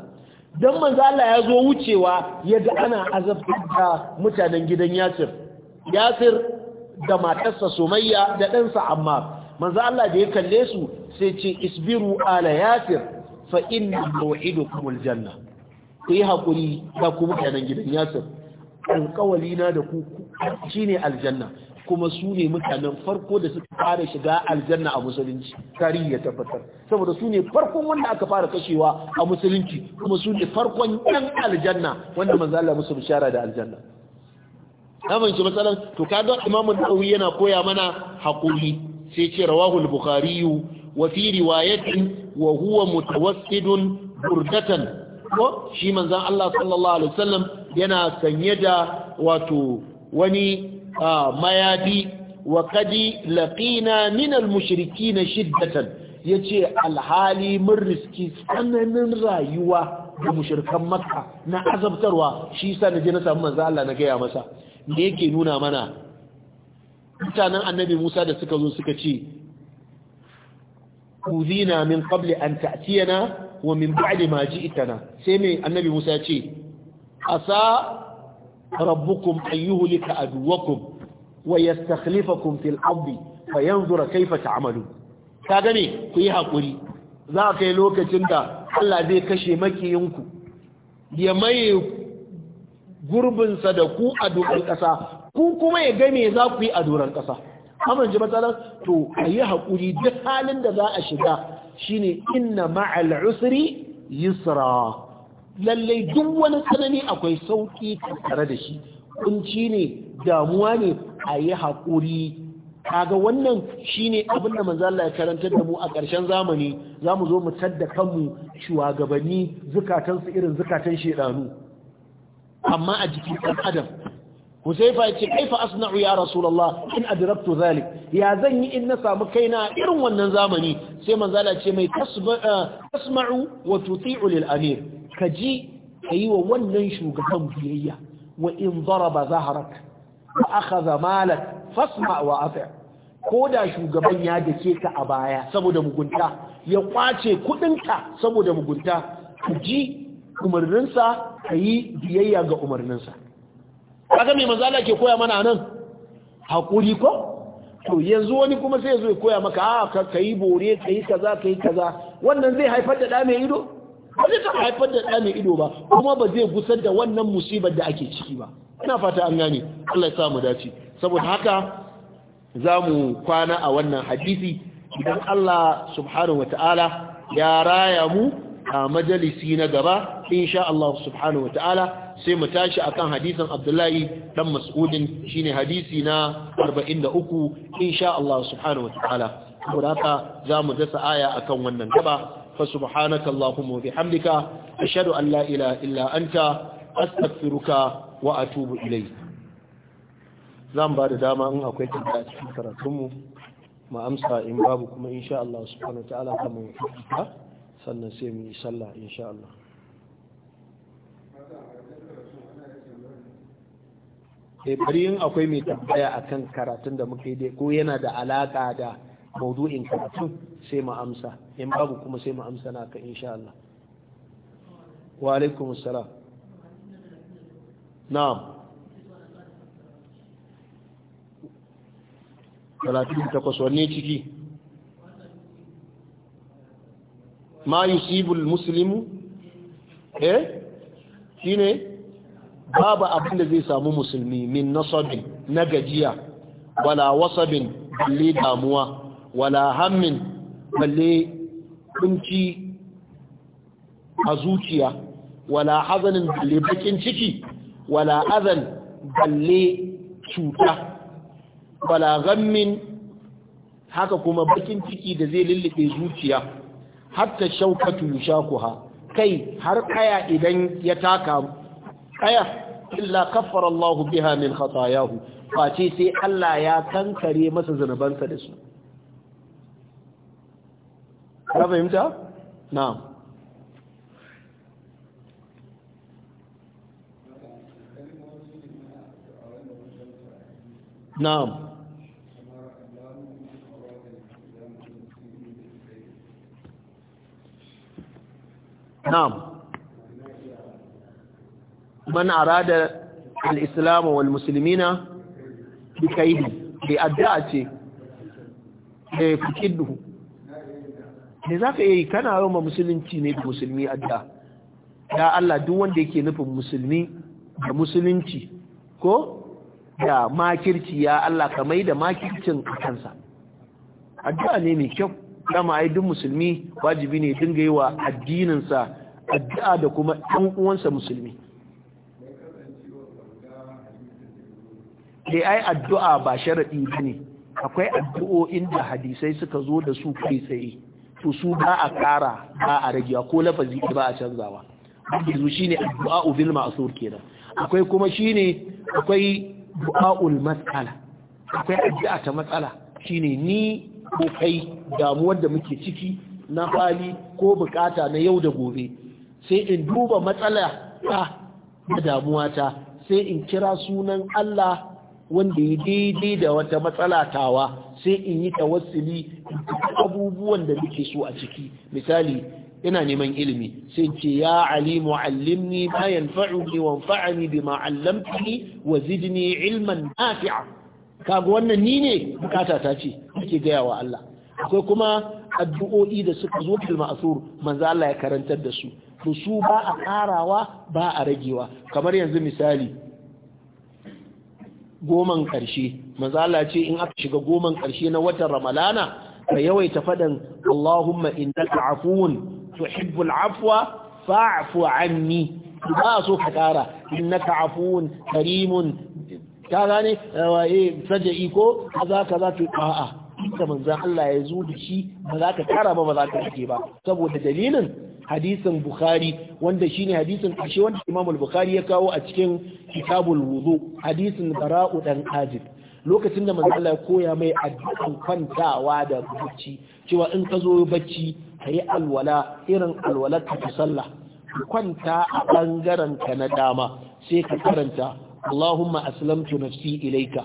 dan manzo Allah ya zo wucewa yadda ana azabtar mutanen gidan Yasir Yasir da matarsa Sumayya da ɗansa Ammar manzo Allah da ya kalle su sai ce isbiru ala Yasir fa inna maw'idukum al-janna ku yi hakuri ba ku mutanen gidan Yasir alƙawalina da ku shine aljanna kuma su ne mutanen farko da suka fara shiga aljanna a musulunci tarihi ya tabbatar saboda su ne farkon wanda aka fara kashewa a musulunci kuma su ne farkon yan aljanna wanda manzo Allah musu bishara da aljanna amince matsalan to kaga Imam Nawawi yana koya mana hakuri sai ce rawahu al-Bukhari wa fi riwayatin wa huwa mutawassidun burdatan ko shi manzon Allah sallallahu alaihi wasallam yana sanye da wato wani mayafi wa kadi laqina min al shiddatan yace alhali mun riski tsananin rayuwa da mushrikan makka na azabtarwa shi yasa naje na samu manzo Allah na gaya masa me yake nuna mana mutanen annabi Musa da suka zo suka ce kuzina min kabla an ta'tiyana wa min ba'di ma ji'tana sai me annabi Musa ce asa rabbukum an yuhlika aduwakum wa kum fil ardi fayanzura kaifa ta'malun ka gane ku yi hakuri za kai lokacin da Allah zai kashe makiyinku ya maye gurbinsa da ku a doron ƙasa ku kuma ya game za ku yi a doron ƙasa amma ji matsalar to a yi haƙuri duk halin da za a shiga shine inna ma'al usri yusra lallai duk wani tsanani akwai sauƙi tare da shi kunci ne damuwa ne a yi haƙuri kaga wannan shine abin da Manzala ya karantar da mu a ƙarshen zamani za mu zo mu tadda kanmu shugabanni zukatansu irin zukatan shedanu amma a jikin ɗan adam Huzaifa ce kaifa asna'u ya Rasulullah in adraktu zalik ya zan yi in na samu kaina irin wannan zamani sai manzala ce mai eh, tasma'u wa tuti'u lil amir ka ji yi wa wannan shugaban biyayya wa in daraba zahrak wa akhadha malak fasma' wa ati' ko da shugaban ya dake ka a baya saboda mugunta ya kwace kuɗinka saboda mugunta ka ji umarninsa kayi biyayya ga umarninsa kaga mai manzo Allah ke koya mana nan hakuri ko to yanzu wani kuma sai zo ya koya maka a ah, ka kai bore kai kaza kai kaza wannan zai haifar da da mai ido ba zai haifar da da mai ido ba kuma ba zai gusar da wannan musibar da ake ciki ba ina fata an gane Allah ya sa mu dace saboda haka zamu kwana a wannan hadisi idan Allah subhanahu wataala ya raya mu a majalisi na gaba insha Allah subhanahu wataala sai mu tashi akan hadisin Abdullahi dan Mas'udin shine hadisi na 43 insha Allah subhanahu wataala haka zamu dasa aya akan wannan gaba fa subhanaka allahumma bihamdika ashhadu an la ilaha illa anta astaghfiruka wa atubu ilayk zan ba da dama in akwai tambaya cikin karatunmu mu amsa in babu kuma insha Allah subhanahu wataala kamar sannan sai mu yi sallah insha Allah Eh, bari yin akwai mai tambaya kan karatun da muka yi dai ko yana da alaƙa da maudu'in karatun sai mu amsa in babu kuma sai mu amsa na naka insha Allah wa alaikum salam na'am talatin takwas wanne ciki ma yusibul muslimu eh shine babu abin da zai samu musulmi min nasabin na gajiya wala wasabin balle damuwa wala hammin balle kunci a zuciya wala hazanin balle bakin ciki wala azan balle cuta wala gammin haka kuma bakin ciki da zai lullube zuciya hatta shaukatu yushakuha kai har kaya idan ya taka kaya illa kaffara Allah biha min khatayahu face sai Allah ya kankare masa zanubansa da su ka fahimta na'am نعم نعم man arada al-islam wal muslimina bi kaidi bi addu'a ce eh fikiddu ne zaka yi kana yawan musulunci ne da musulmi addu'a ya Allah duk wanda yake nufin musulmi da musulunci ko da makirci ya Allah ka mai da makircin a kansa addu'a ne mai kyau dama ai duk musulmi wajibi ne dinga yi wa addininsa addu'a da kuma ɗan uwansa musulmi da ai addu'a ba sharaɗi ba ne akwai addu'o'in da hadisai suka zo da su kai tsaye to su ba a ƙara ba a ragewa ko lafazi ba a canzawa yanzu shine addu'a bil ma'sur kenan akwai kuma shine akwai du'aul mas'ala akwai addu'a ta matsala shine ni ko kai damuwar da muke ciki na hali ko bukata na yau da gobe sai in duba matsala ta da damuwa ta sai in kira sunan Allah wanda ya daidai da wata matsala tawa sai in yi tawassuli abubuwan da muke so a ciki misali ina neman ilimi sai ce ya ali muallimni ma yanfa'uni wanfa'ani bima 'allamtani wa zidni ilman nafi'a kaga wannan ni ne bukata ta ce ake gaya wa Allah akwai kuma addu'o'i da suka zo fil ma'sur manzo Allah ya karantar da su to su ba a karawa ba a ragewa kamar yanzu misali goman ƙarshe manzala ce in aka shiga goman ƙarshe na watan ramalana ka yawaita faɗin Allahumma innaka afuwun tuhibbul afwa fa'fu anni ba so ka ƙara innaka afuwun karimun ka gane waye eh, saja'i ko kaza kaza to a'a da manzon Allah ya zo da shi ba za ka kara ba ba za ka rike ba saboda dalilin hadisin Bukhari wanda shine hadisin ƙarshe wanda Imam Bukhari ya kawo a cikin Kitabul Wudu hadisin Bara'u dan Azib lokacin da manzon Allah ya koya mai addu'an kwantawa da bacci cewa in ka zo bacci kayi alwala irin alwala ka ta sallah kwanta a bangaren ka na dama sai ka karanta Allahumma aslamtu nafsi ilayka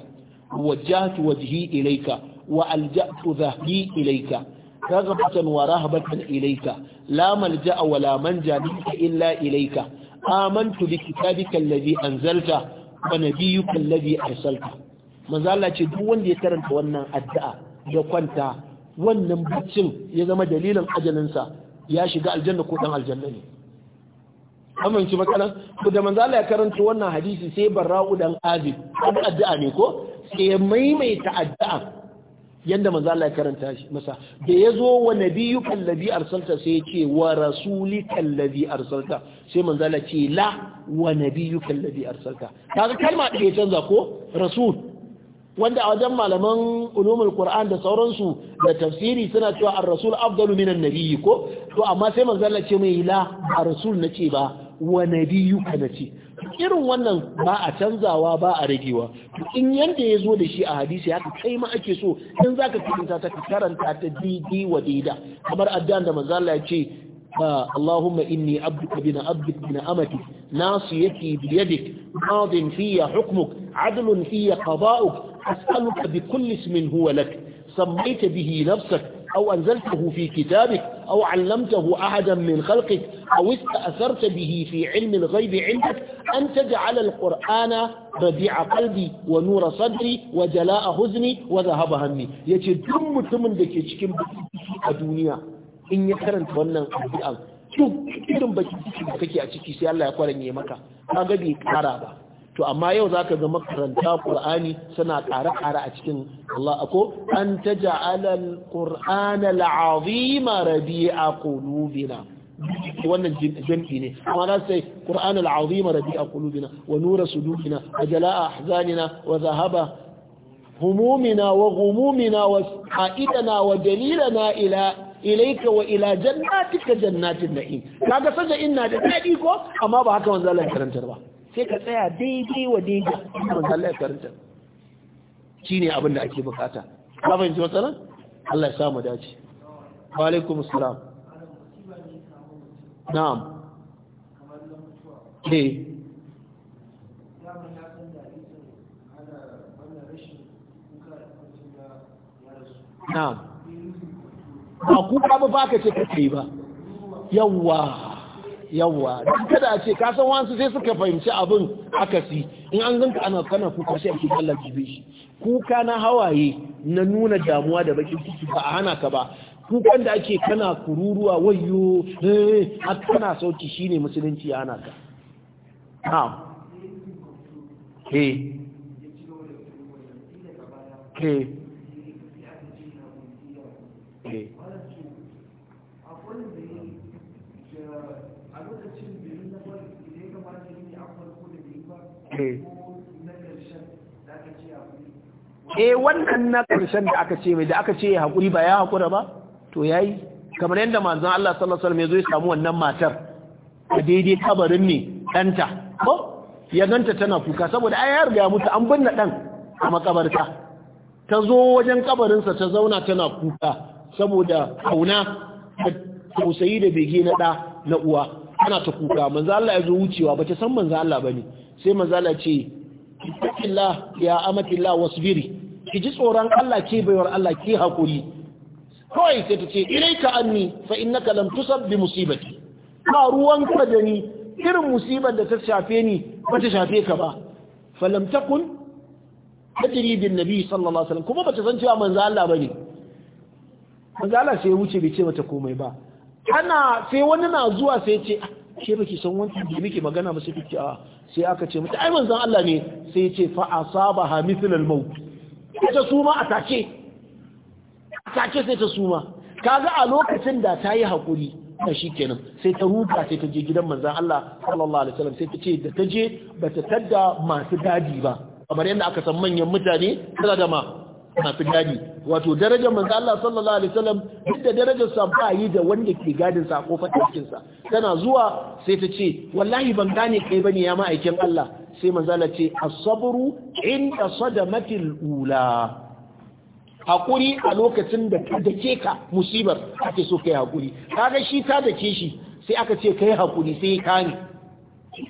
wajjahtu wajhi ilaika". wa alja'tu dhahbi ilayka رغبة ورهبة إليك لا ملجأ ولا منجا منك إلا إليك آمنت بكتابك الذي أنزلته ونبيك الذي أرسلته manzala ce duk wanda ya karanta wannan addu'a ya kwanta wannan baccin ya zama dalilin ajalinsa ya shiga aljanna ko dan ne amince ko da manzala ya karanta wannan hadisi sai barra'u dan azib an addu'a ne ko sai ya maimaita addu'a yadda manzo Allah ya karanta shi masa da yazo wa nabiyyuka allazi arsalta sai ya ce wa rasulika allazi arsalta sai manzo Allah ce la wa nabiyyuka allazi arsalta kaga kalma da ya canza ko rasul wanda a wajen malaman ulumul qur'an da sauransu da tafsiri suna cewa ar-rasul afdalu min an ko to amma sai manzo Allah ce mai la ar-rasul nace ba wa nabiyyuka nace irin wannan ba a canzawa ba a ragewa in yanda ya zo da shi a hadisi haka kai ma ake so in za ka karanta ta karanta ta didi wa dida kamar addan da manzo Allah ya ce Allahumma inni abduka bin abdika bin amati nasiyati bi yadik madin fiya hukmuk adlun fiya qada'uk as'aluka bi kulli ismin huwa lak sammaita bihi nafsaka أو أنزلته في كتابك أو علمته أحدا من خلقك أو استأثرت به في علم الغيب عندك أن تجعل القرآن ربيع قلبي ونور صدري وجلاء حزني وذهب همي يجي دم تمن دك cikin a duniya in ya karanta wannan addu'a duk irin baki da kake a ciki sai Allah ya kwaranye maka kaga bai kara ba to amma yau za zaka ga makaranta Qur'ani suna ƙara-ƙara a cikin Allah ako an taj'ala al-Qur'ana al rabi a qulubina wannan jinki ne amma na sai Qur'ana al rabi a qulubina wa nura su sudukina wa jala'a ahzanina wa zahaba humumina wa humumina, wa ha'idana wa dalilana ila ilaika wa ila jannatika jannatin na'im kaga saja ina da dadi ko amma ba haka manzo Allah karantar ba sai ka tsaya daidai wa daidai manzo Allah ya karanta ne abin da ake bukata ka fahimci matsalar Allah ya samu dace wa alaikum na'am eh na'am ba kuka ba ba ka ce kake ba yawwa yawwa duk kada a ce ka san wasu sai suka fahimci abin akasi in an zanka ana kana kuka sai ake kallon jibe shi kuka na hawaye na nuna damuwa da bakin ciki ba a hana ka ba kukan da ake kana kururuwa wayo eh, a kana sauki shine musulunci ya hana ka na'am Ke? Eh. Ke. Eh. Ke. Eh. eh wannan na karshen da aka ce mai da aka ce hakuri ba ya haƙura ba to yayi kamar yadda manzon Allah sallallahu alaihi ya zo ya samu wannan matar a daidai kabarin ne danta ko ya ganta tana kuka saboda ai ya riga mutu an binne dan a makabarta ta zo wajen kabarinsa ta zauna tana kuka saboda kauna da tausayi da bege na da na uwa tana ta kuka manzo Allah ya zo wucewa bata san manzo Allah bane sai manzala ce ittaqillah ya amatillah wasbiri ki ji tsoron Allah ke baiwar Allah ke hakuri kawai sai ta ce ilaika anni fa innaka lam tusab bi musibati ba ruwan ka da ni irin musibar da ta shafe ni ba ta shafe ka ba falam takun tajri bin nabi sallallahu alaihi wasallam kuma bata san cewa manzo Allah bane manzo Allah sai ya wuce bai ce mata komai ba ana sai wani na zuwa sai ya ce ke baki san wancan da muke magana ba sai a sai aka ce mata ai manzon Allah ne sai ya ce fa asabaha mithl al maut ita suma atake atake sai ta suma kaga a lokacin da ta yi hakuri na shikenan sai ta ruka sai ta je gidan manzon Allah sallallahu alaihi wasallam sai ta ce da ta je bata tadda masu dadi ba kamar yadda aka san manyan mutane suna da ma masu gadi wato darajar manzo Allah sallallahu alaihi wasallam duk da darajar sa ba yi da wanda ke gadin sa ko fadakin sa tana zuwa sai ta ce wallahi ban gane kai bane ya ma'aikin Allah sai manzo Allah ce as-sabru inda sadamatil ula hakuri a lokacin da ka dake ka musibar ake so kai hakuri kaga shi ta dake shi sai aka ce kai hakuri sai ka ne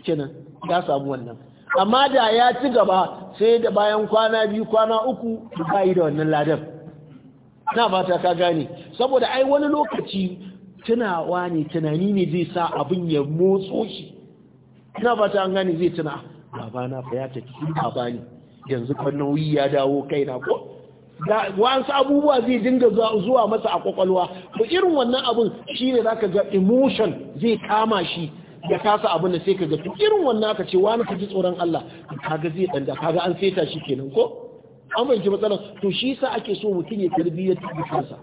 kenan ya samu wannan amma da ya ci gaba sai da bayan kwana biyu kwana uku ba yi da wannan ladan na ta ka gane saboda ai wani lokaci tunawa ne tunani ne zai sa abin ya motso shi na ba an gane zai tuna na fa ya tafi ne. yanzu kan nauyi ya dawo kaina ko da wasu abubuwa zai dinga zuwa masa a kwakwalwa Ko irin wannan abin za ka ga emotion zai kama shi ya kasa abin da sai ka ga to irin wannan aka ce wani ka ji tsoron Allah kaga zai danda kaga an saita shi kenan ko an fahimci matsalar to shi yasa ake so mutum ya tarbiyyar kansa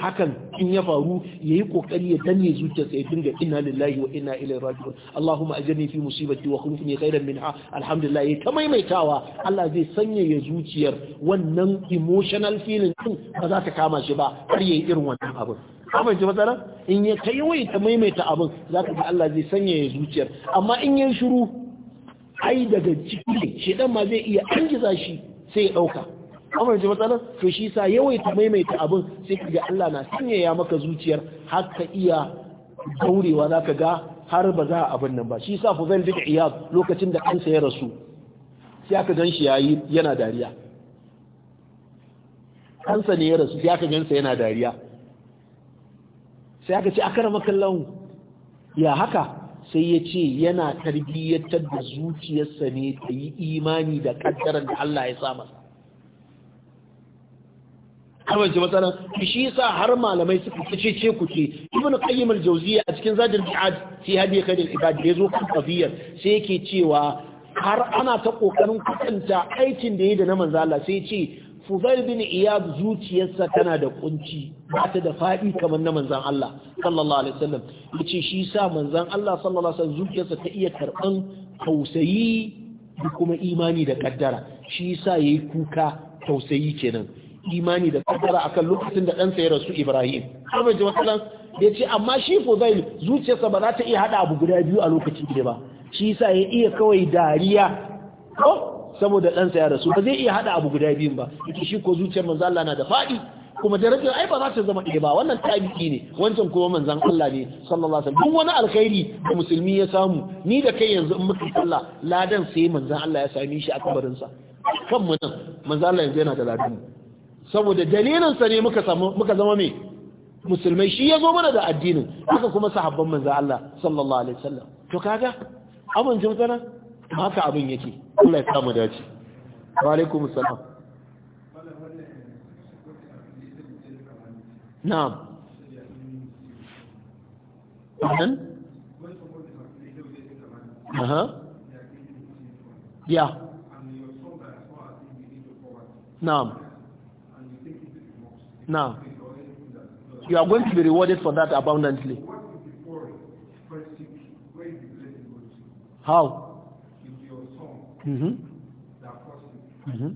hakan in ya faru ya yi kokari ya danne zuciyarsa ya dinga inna lillahi wa inna ilaihi raji'un Allahumma ajirni fi musibati wa khulfni khairan minha alhamdulillah ta maimaitawa Allah zai sanyaya zuciyar wannan emotional feeling din ba za ta kama shi ba har yayi irin wannan abin kamar ji matsalar in ya ta yawaita maimaita abin za ka ga Allah zai sanya ya zuciyar amma in ya shiru ai daga ciki shedan ma zai iya angiza shi sai ya dauka kamar ji matsalar to shi sa yawaita maimaita abin sai ka ga Allah na sanya ya maka zuciyar har ka iya daurewa za ka ga har ba za a abin nan ba shi sa zan duk iya lokacin da kansa ya rasu sai aka gan shi yayi yana dariya kansa ne ya rasu sai aka gan yana dariya sai aka ce a kara makallon ya haka sai ya ce yana tarbiyyatar da zuciyarsa ne ta yi imani da kaddaran da Allah ya sa masa matsala ki shi sa har malamai suka ce ce ku ce ibnu qayyim al-jawziyya a cikin zadul bi'ad fi hadi khairul ibad da zo kan qadiyya sai yake cewa har ana ta kokarin kwatanta aikin da yayi da na manzo Allah sai ce Fudail bin Iyad zuciyarsa tana da kunci ba ta da faɗi kamar na manzan Allah sallallahu alaihi wasallam yace shi sa manzan Allah sallallahu alaihi wasallam zuciyarsa ta iya karɓan tausayi da kuma imani da kaddara shi sa yayi kuka tausayi kenan imani da kaddara akan lokacin da ɗansa ya rasu Ibrahim kuma bai ji yace amma shi Fuzail zuciyarsa ba za ta iya hada abu guda biyu a lokaci ɗaya ba shi sa ya iya kawai dariya ko saboda ɗansa ya rasu ba zai iya haɗa abu guda biyun ba yake shi ko zuciyar manzo Allah na da faɗi kuma darajar ai ba za ta zama ɗaya ba wannan tabi'i ne wancan kuma manzon Allah ne sallallahu alaihi wasallam duk wani alkhairi da musulmi ya samu ni da kai yanzu in muka sallah ladan sai manzon Allah ya sami shi a kabarin sa kan mu nan manzon Allah yanzu yana da ladan saboda dalilin sa ne muka samu muka zama me musulmai shi ya zo mana da addinin haka kuma sahabban manzon Allah sallallahu alaihi wasallam to kaga amince mutana haka abin yake Allah ya samu dace wa alaikum salam na'am dan aha ya na'am na'am you are going to be rewarded for that abundantly how Yeah. Mm-hmm. Mm-hmm.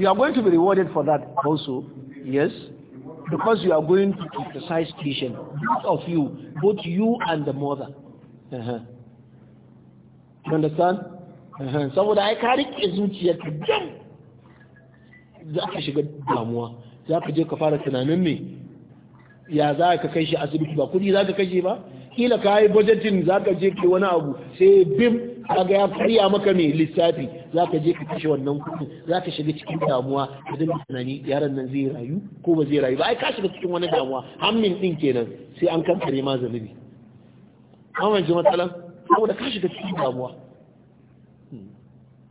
You are going to be rewarded for that also. Yes. Because you are going to exercise patience. Both of you, both you and the mother. Uh -huh. You understand? Uh-huh. ka rike za ka shiga damuwa za ka je ka fara tunanin me ya za ka kai shi asibiti ba kudi za ka kashe ba kila ka yi budgetin za ka je ke wani abu sai bim kaga ya karya maka mai lissafi za ka je ka kashe wannan kuɗi za ka shiga cikin damuwa ka dinga tunani yaron nan zai rayu ko ba zai rayu ba ai ka shiga cikin wani damuwa hammin din kenan sai an kankare ma zanubi amma ji matsalan saboda ka shiga cikin damuwa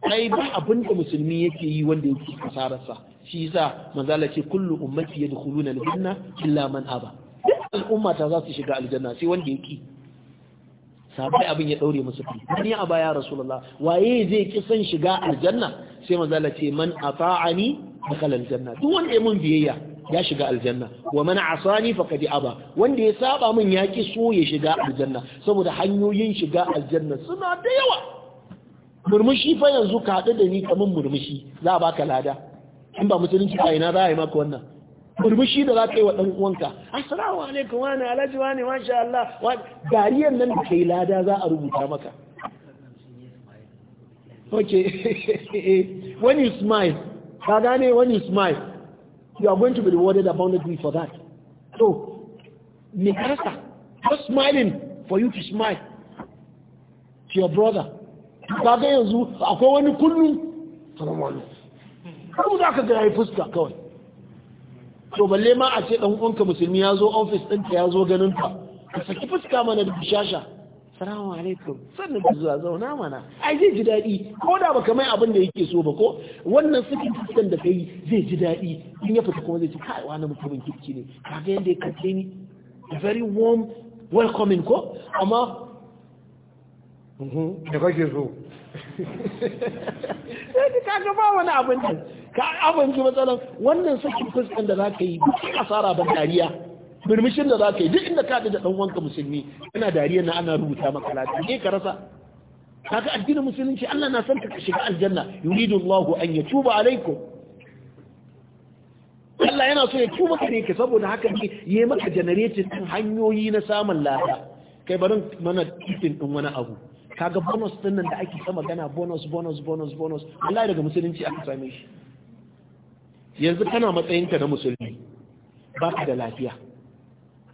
kai ba abin da musulmi yake yi wanda yake kasararsa shi yasa manzala ce kullu ummati yadkhuluna al-janna illa man aba al'umma ta za su shiga aljanna sai wanda ya ki sabai abin ya daure musu fi wani a baya rasulullah waye zai ki san shiga aljanna sai manzala ce man ata'ani dakhala aljanna duk wanda ya mun biyayya ya shiga aljanna wa man asani faqad aba wanda ya saba mun ya ki so ya shiga aljanna saboda hanyoyin shiga aljanna suna da yawa murmushi fa yanzu ka haɗu da ni kaman murmushi za a baka lada in ba musulunci a ina za a yi maka wannan murmushi da za ka yi wa ɗan uwanka assalamu alaikum wani alhaji wani masha Allah dariyar nan da kai lada za a rubuta maka Ok *laughs* when you smile ka gane when you smile you are going to be rewarded abundantly for that so me karasa just smiling for you to smile to your brother ka ga yanzu akwai wani kullum salamu alaikum kuma za ka gaya fuska kawai to balle ma a ce dan uwanka musulmi ya zo ofis office ta ya zo ganin ka ka saki fuska mana da bishasha salamu alaikum sannan da zuwa zauna mana ai zai ji daɗi ko da baka mai abin da yake so ba ko wannan sukin fuskan da kai zai ji daɗi in ya fita kuma zai ce kai wani mutumin kirki ne kaga yanda ya kace ni very warm welcoming ko amma da mhm. kake so sai ka ga ba wani abin da ka abinci matsalan wannan sakin fuskan da zaka yi duk asara ban dariya Birmishin da zaka yi duk inda ka da dan wanka musulmi yana dariya na ana rubuta maka lafiya ne ka rasa kaga addinin musulunci Allah na san ka shiga aljanna yuridu Allahu an yatuba alaikum Allah yana so ya tuba kare ka saboda haka ne yayi maka generating hanyoyi na samun lafiya kai barin mana titin din wani abu kaga bonus din nan da ake ta magana bonus bonus bonus bonus wallahi daga musulunci aka same shi yanzu kana matsayinka na musulmi ba ka da lafiya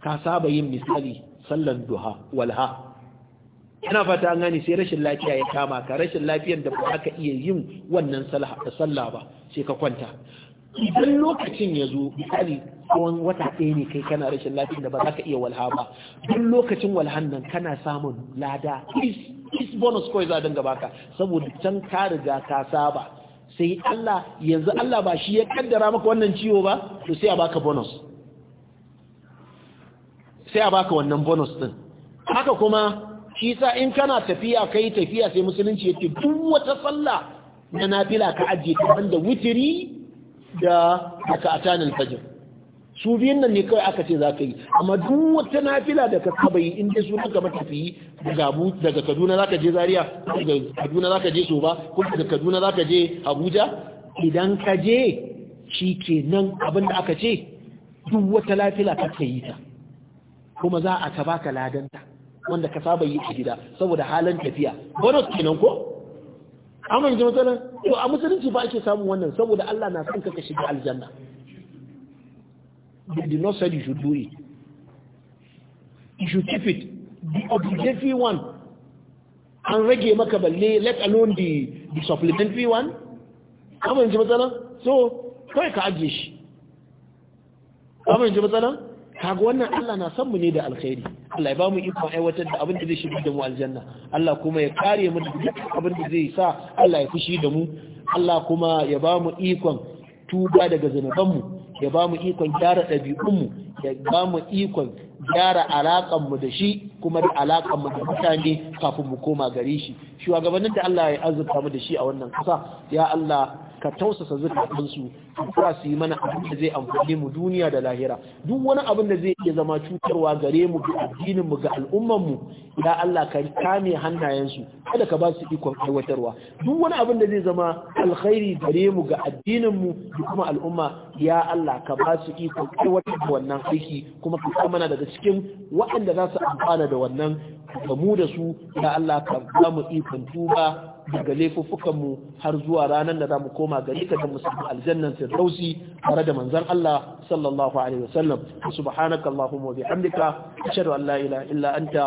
ka saba yin misali sallan duha walha yana fata an gane sai rashin lafiya ya kama ka rashin lafiyan da ba ka iya yin wannan sallah ba sai ka kwanta idan lokacin ya zo misali tsawon wata ɗaya ne kai kana rashin lafiyan da ba za ka iya walha ba duk lokacin walhan nan kana samun lada is bonus kawai za a dinga baka saboda can ka riga ka saba sai Allah yanzu Allah ba shi ya kaddara maka wannan ciwo ba to sai a baka bonus sai a baka wannan bonus din haka kuma shi sa in kana tafiya kai tafiya sai musulunci yake duk wata sallah na nafila ka ajiye ta banda witiri da raka'atan fajr su biyan nan ne kawai aka ce za ka yi amma duk wata nafila da ka saba yi inda su sunan ka matafiyi daga daga Kaduna ka je Zaria daga Kaduna za ka je Soba ko daga Kaduna za ka je Abuja idan ka je shi ke nan abin da aka ce duk wata nafila ka ka yi ta kuma za a ka baka ladanta wanda ka saba yi a gida saboda halin tafiya su kenan ko amma yanzu matsalan to a musulunci ba ake samun wannan saboda Allah na son ka ka shiga aljanna you did not say you should do it. You should keep it. The obligatory one. An rage maka let alone the, the supplementary one. Come on, matsala? So, kawai ka ajiye shi. Kamar yanzu matsala? wannan Allah na san mu ne da alkhairi Allah ya ba mu ikon aiwatar da abin da zai shiga da mu aljanna Allah kuma ya kare mu da abin da zai sa Allah ya fushi da mu Allah kuma ya ba mu ikon tuba daga zanuban mu ya ba mu ikon gyara ɗabi'unmu ya ba mu ikon gyara alaƙanmu da shi kuma da alaƙanmu da mutane kafin mu koma gare shi shugabannin da Allah ya azurta mu da shi a wannan ƙasa ya Allah ka tausasa zukatansu ka su yi mana abin da zai amfani mu duniya da lahira duk wani abin da zai iya zama cutarwa gare mu ga addinin mu ga al'umman mu ya Allah ka kame hannayensu kada ka ba su ikon aiwatarwa duk wani abin da zai zama alkhairi gare mu ga addinin mu da kuma al'umma ya Allah ka ba su ikon aiwatar da wannan aiki kuma ka samana daga cikin waɗanda za su amfana da wannan ka mu da su ya Allah ka ba mu ikon tuba daga laifuffukan mu har zuwa ranar da za mu koma gare ka da musamman aljannan firdausi tare da manzon Allah sallallahu alaihi wasallam subhanakallahumma wa bihamdika ashhadu an la ilaha illa anta